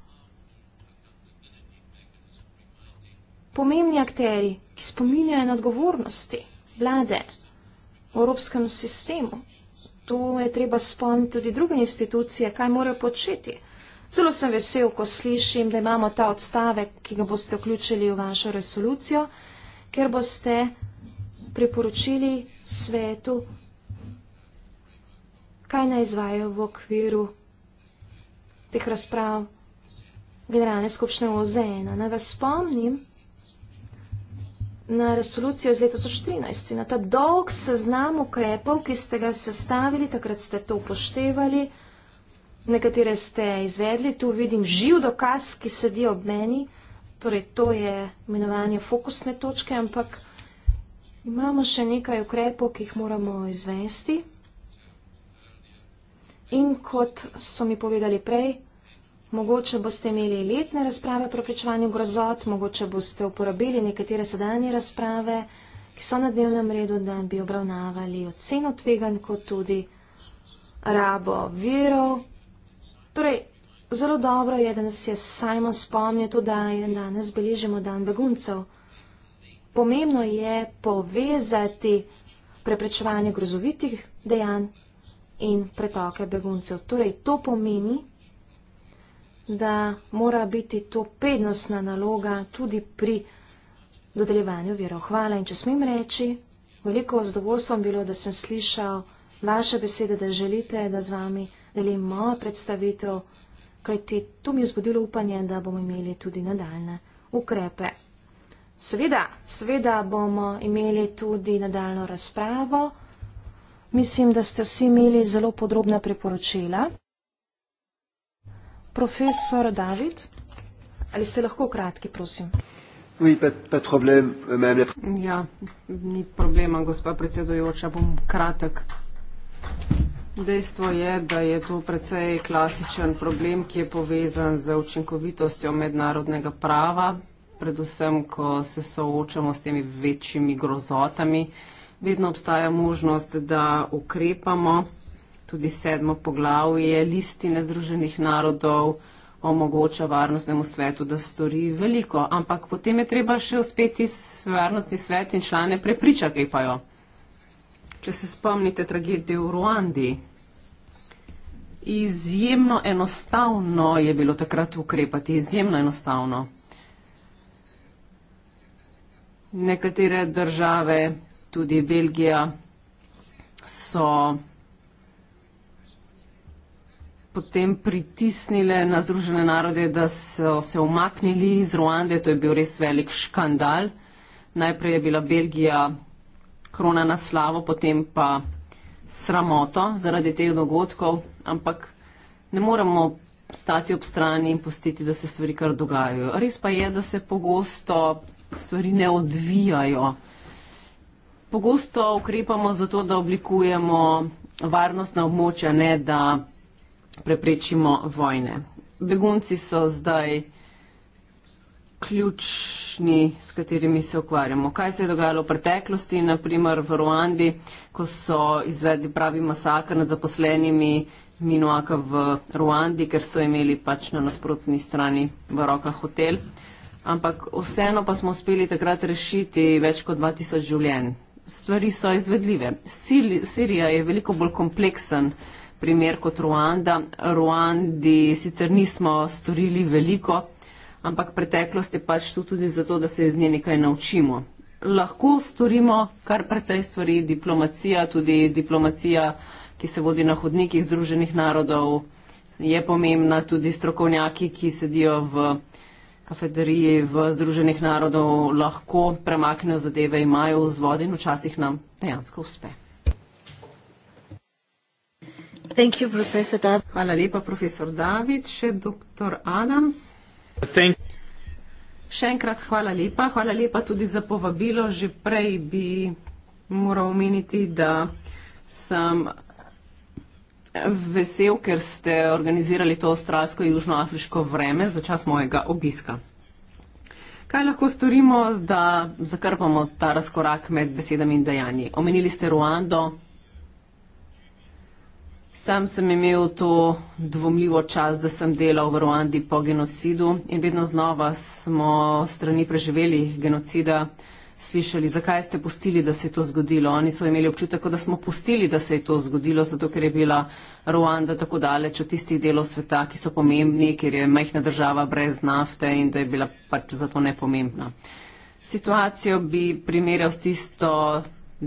pomembni akteri ki spominjajo na odgovornosti vlade v evropskem sistemu. Tu je treba spomniti tudi druge institucije, kaj morajo početi. Zelo sem vesel, ko slišim, da imamo ta odstavek, ki ga boste vključili v vašo resolucijo, ker boste priporočili svetu, kaj naj izvajo v okviru teh razprav generalne skupščine OZN. Naj vas spomnim, na resolucijo iz leta 2013, na ta dolg seznam ukrepov, ki ste ga sestavili, takrat ste to upoštevali, nekatere ste izvedli, tu vidim živ dokaz, ki sedi ob meni, torej to je imenovanje fokusne točke, ampak imamo še nekaj ukrepov, ki jih moramo izvesti. In kot so mi povedali prej, Mogoče boste imeli letne razprave o preprečevanju grozot, mogoče boste uporabili nekatere sedanje razprave, ki so na dnevnem redu, da bi obravnavali oceno tvegan, kot tudi rabo virov. Torej, zelo dobro je, da nas je Simon spomnil tudi, da je danes beležimo dan beguncev. Pomembno je povezati preprečevanje grozovitih dejanj in pretoke beguncev. Torej, to pomeni, da mora biti to prednostna naloga tudi pri dodeljevanju vero. Hvala in če smem reči, veliko zadovoljstvo je bilo, da sem slišal vaše besede, da želite, da z vami delim mojo predstavitev, kajti to mi je zbudilo upanje, da bomo imeli tudi nadaljne ukrepe. Seveda, seveda bomo imeli tudi nadaljno razpravo. Mislim, da ste vsi imeli zelo podrobna priporočila. Profesor David, ali ste lahko kratki, prosim? Oui, pas, pas problème, le... Euh, ja, ni problema, gospa predsedujoča, bom kratek. Dejstvo je, da je to precej klasičen problem, ki je povezan z učinkovitostjo mednarodnega prava, predvsem, ko se soočamo s temi večjimi grozotami. Vedno obstaja možnost, da ukrepamo tudi sedmo poglavje listine Združenih narodov omogoča varnostnemu svetu, da stori veliko, ampak potem je treba še uspeti varnostni svet in člane prepričati, pa jo. Če se spomnite tragedije v Ruandi, izjemno enostavno je bilo takrat ukrepati, izjemno enostavno. Nekatere države, tudi Belgija, so potem pritisnile na Združene narode, da so se omaknili iz Ruande. To je bil res velik škandal. Najprej je bila Belgija krona na slavo, potem pa sramoto zaradi teh dogodkov, ampak ne moremo stati ob strani in pustiti, da se stvari kar dogajajo. Res pa je, da se pogosto stvari ne odvijajo. Pogosto ukrepamo zato, da oblikujemo varnostna območja, ne da preprečimo vojne. Begunci so zdaj ključni, s katerimi se ukvarjamo. Kaj se je dogajalo v preteklosti, naprimer v Ruandi, ko so izvedli pravi masakr nad zaposlenimi Minuaka v Ruandi, ker so imeli pač na nasprotni strani v rokah hotel. Ampak vseeno pa smo uspeli takrat rešiti več kot 2000 življenj. Stvari so izvedljive. Sirija je veliko bolj kompleksen uh, primer kot Ruanda. Ruandi sicer nismo storili veliko, ampak preteklost je pač tu tudi zato, da se iz nje nekaj naučimo. Lahko storimo kar precej stvari, diplomacija, tudi diplomacija, ki se vodi na hodnikih Združenih narodov, je pomembna, tudi strokovnjaki, ki sedijo v kafederiji v Združenih narodov, lahko premaknejo zadeve, imajo vzvod in včasih nam dejansko uspe. Thank you, professor David. Hvala lepa, profesor David. Še doktor Adams. Thank Še enkrat hvala lepa. Hvala lepa tudi za povabilo. Že prej bi moral omeniti, da sem vesel, ker ste organizirali to avstralsko-južnoafriško vreme za čas mojega obiska. Kaj lahko storimo, da zakrpamo ta razkorak med besedami in dejanji? Omenili ste Ruando, Sam sem imel to dvomljivo čas, da sem delal v Ruandi po genocidu in vedno znova smo strani preživeli genocida slišali, zakaj ste pustili, da se je to zgodilo. Oni so imeli občutek, da smo pustili, da se je to zgodilo, zato ker je bila Ruanda tako daleč od tistih delov sveta, ki so pomembni, ker je majhna država brez nafte in da je bila pač zato nepomembna. Situacijo bi primerjal s tisto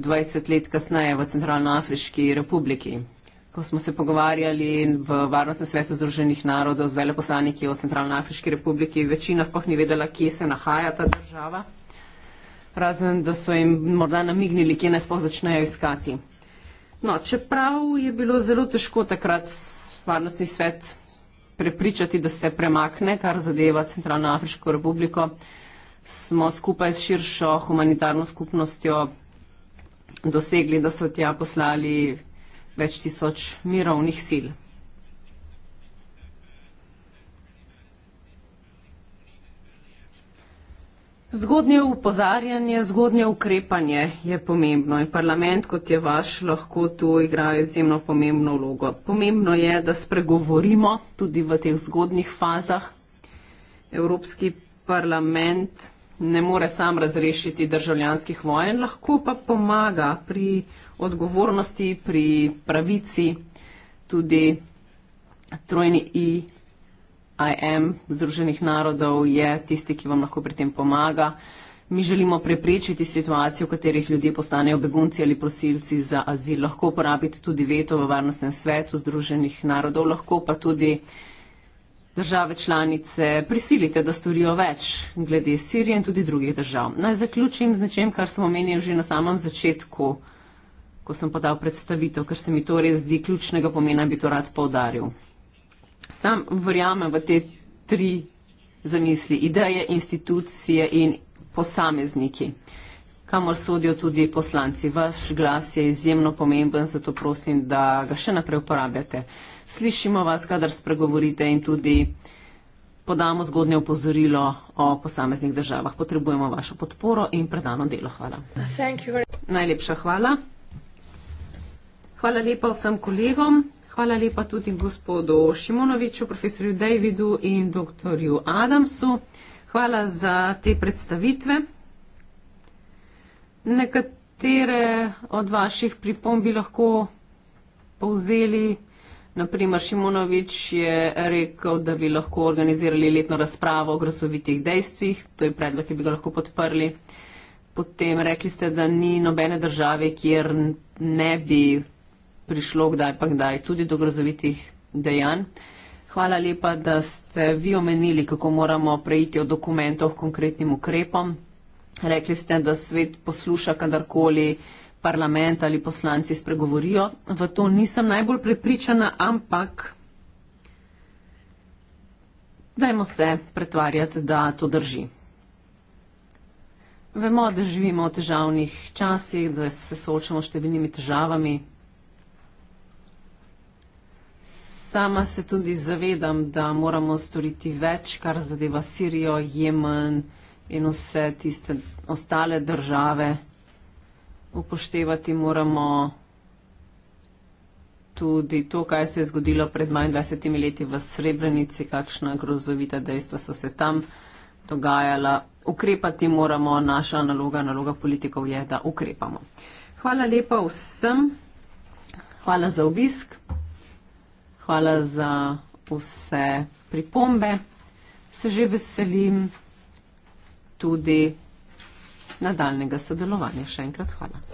20 let kasneje v Centralnoafriški republiki ko smo se pogovarjali v Varnostnem svetu Združenih narodov z veleposlaniki od Centralne Afriške republike, večina sploh ni vedela, kje se nahaja ta država, razen da so jim morda namignili, kje naj sploh začnejo iskati. No, čeprav je bilo zelo težko takrat Varnostni svet prepričati, da se premakne, kar zadeva Centralno Afriško republiko, smo skupaj s širšo humanitarno skupnostjo dosegli, da so tja poslali več tisoč mirovnih sil. Zgodnje upozarjanje, zgodnje ukrepanje je pomembno in parlament, kot je vaš, lahko tu igra izjemno pomembno vlogo. Pomembno je, da spregovorimo tudi v teh zgodnih fazah. Evropski parlament ne more sam razrešiti državljanskih vojen, lahko pa pomaga pri odgovornosti, pri pravici tudi trojni I. IM Združenih narodov je tisti, ki vam lahko pri tem pomaga. Mi želimo preprečiti situacijo, v katerih ljudje postanejo begunci ali prosilci za azil. Lahko uporabite tudi veto v Varnostnem svetu Združenih narodov, lahko pa tudi uh, države članice prisilite, da storijo več glede Sirije in tudi drugih držav. Naj zaključim z nečem, kar sem omenil že na samem začetku, ko sem podal predstavitev, ker se mi to res zdi ključnega pomena, bi to rad povdaril. Sam verjamem v te tri zamisli, ideje, institucije in posamezniki, kamor sodijo tudi poslanci. Vaš glas je izjemno pomemben, zato prosim, da ga še naprej uporabljate slišimo vas, kadar spregovorite in tudi podamo zgodnje opozorilo o posameznih državah. Potrebujemo vašo podporo in predano delo. Hvala. Najlepša hvala. Hvala lepa vsem kolegom. Hvala lepa tudi gospodu Šimonoviču, profesorju Davidu in doktorju Adamsu. Hvala za te predstavitve. Nekatere od vaših pripomb bi lahko povzeli. Naprimer, Šimonovič je rekel, da bi lahko organizirali letno razpravo o grozovitih dejstvih, to je predlog, ki bi ga lahko podprli. Potem rekli ste, da ni nobene države, kjer ne bi prišlo kdaj pa kdaj tudi do grozovitih dejanj. Hvala lepa, da ste vi omenili, kako moramo preiti od dokumentov konkretnim ukrepom. Rekli ste, da svet posluša kadarkoli parlament ali poslanci spregovorijo. V to nisem najbolj prepričana, ampak dajmo se pretvarjati, da to drži. Vemo, da živimo v težavnih časih, da se soočamo s številnimi težavami. Sama se tudi zavedam, da moramo storiti več, kar zadeva Sirijo, Jemen in vse tiste ostale države upoštevati moramo tudi to, kaj se je zgodilo pred 22 leti v Srebrenici, kakšna grozovita dejstva so se tam dogajala. Ukrepati moramo, naša naloga, naloga politikov je, da ukrepamo. Hvala lepa vsem, hvala za obisk, hvala za vse pripombe. Se že veselim tudi nadaljnega sodelovanja. Še enkrat hvala.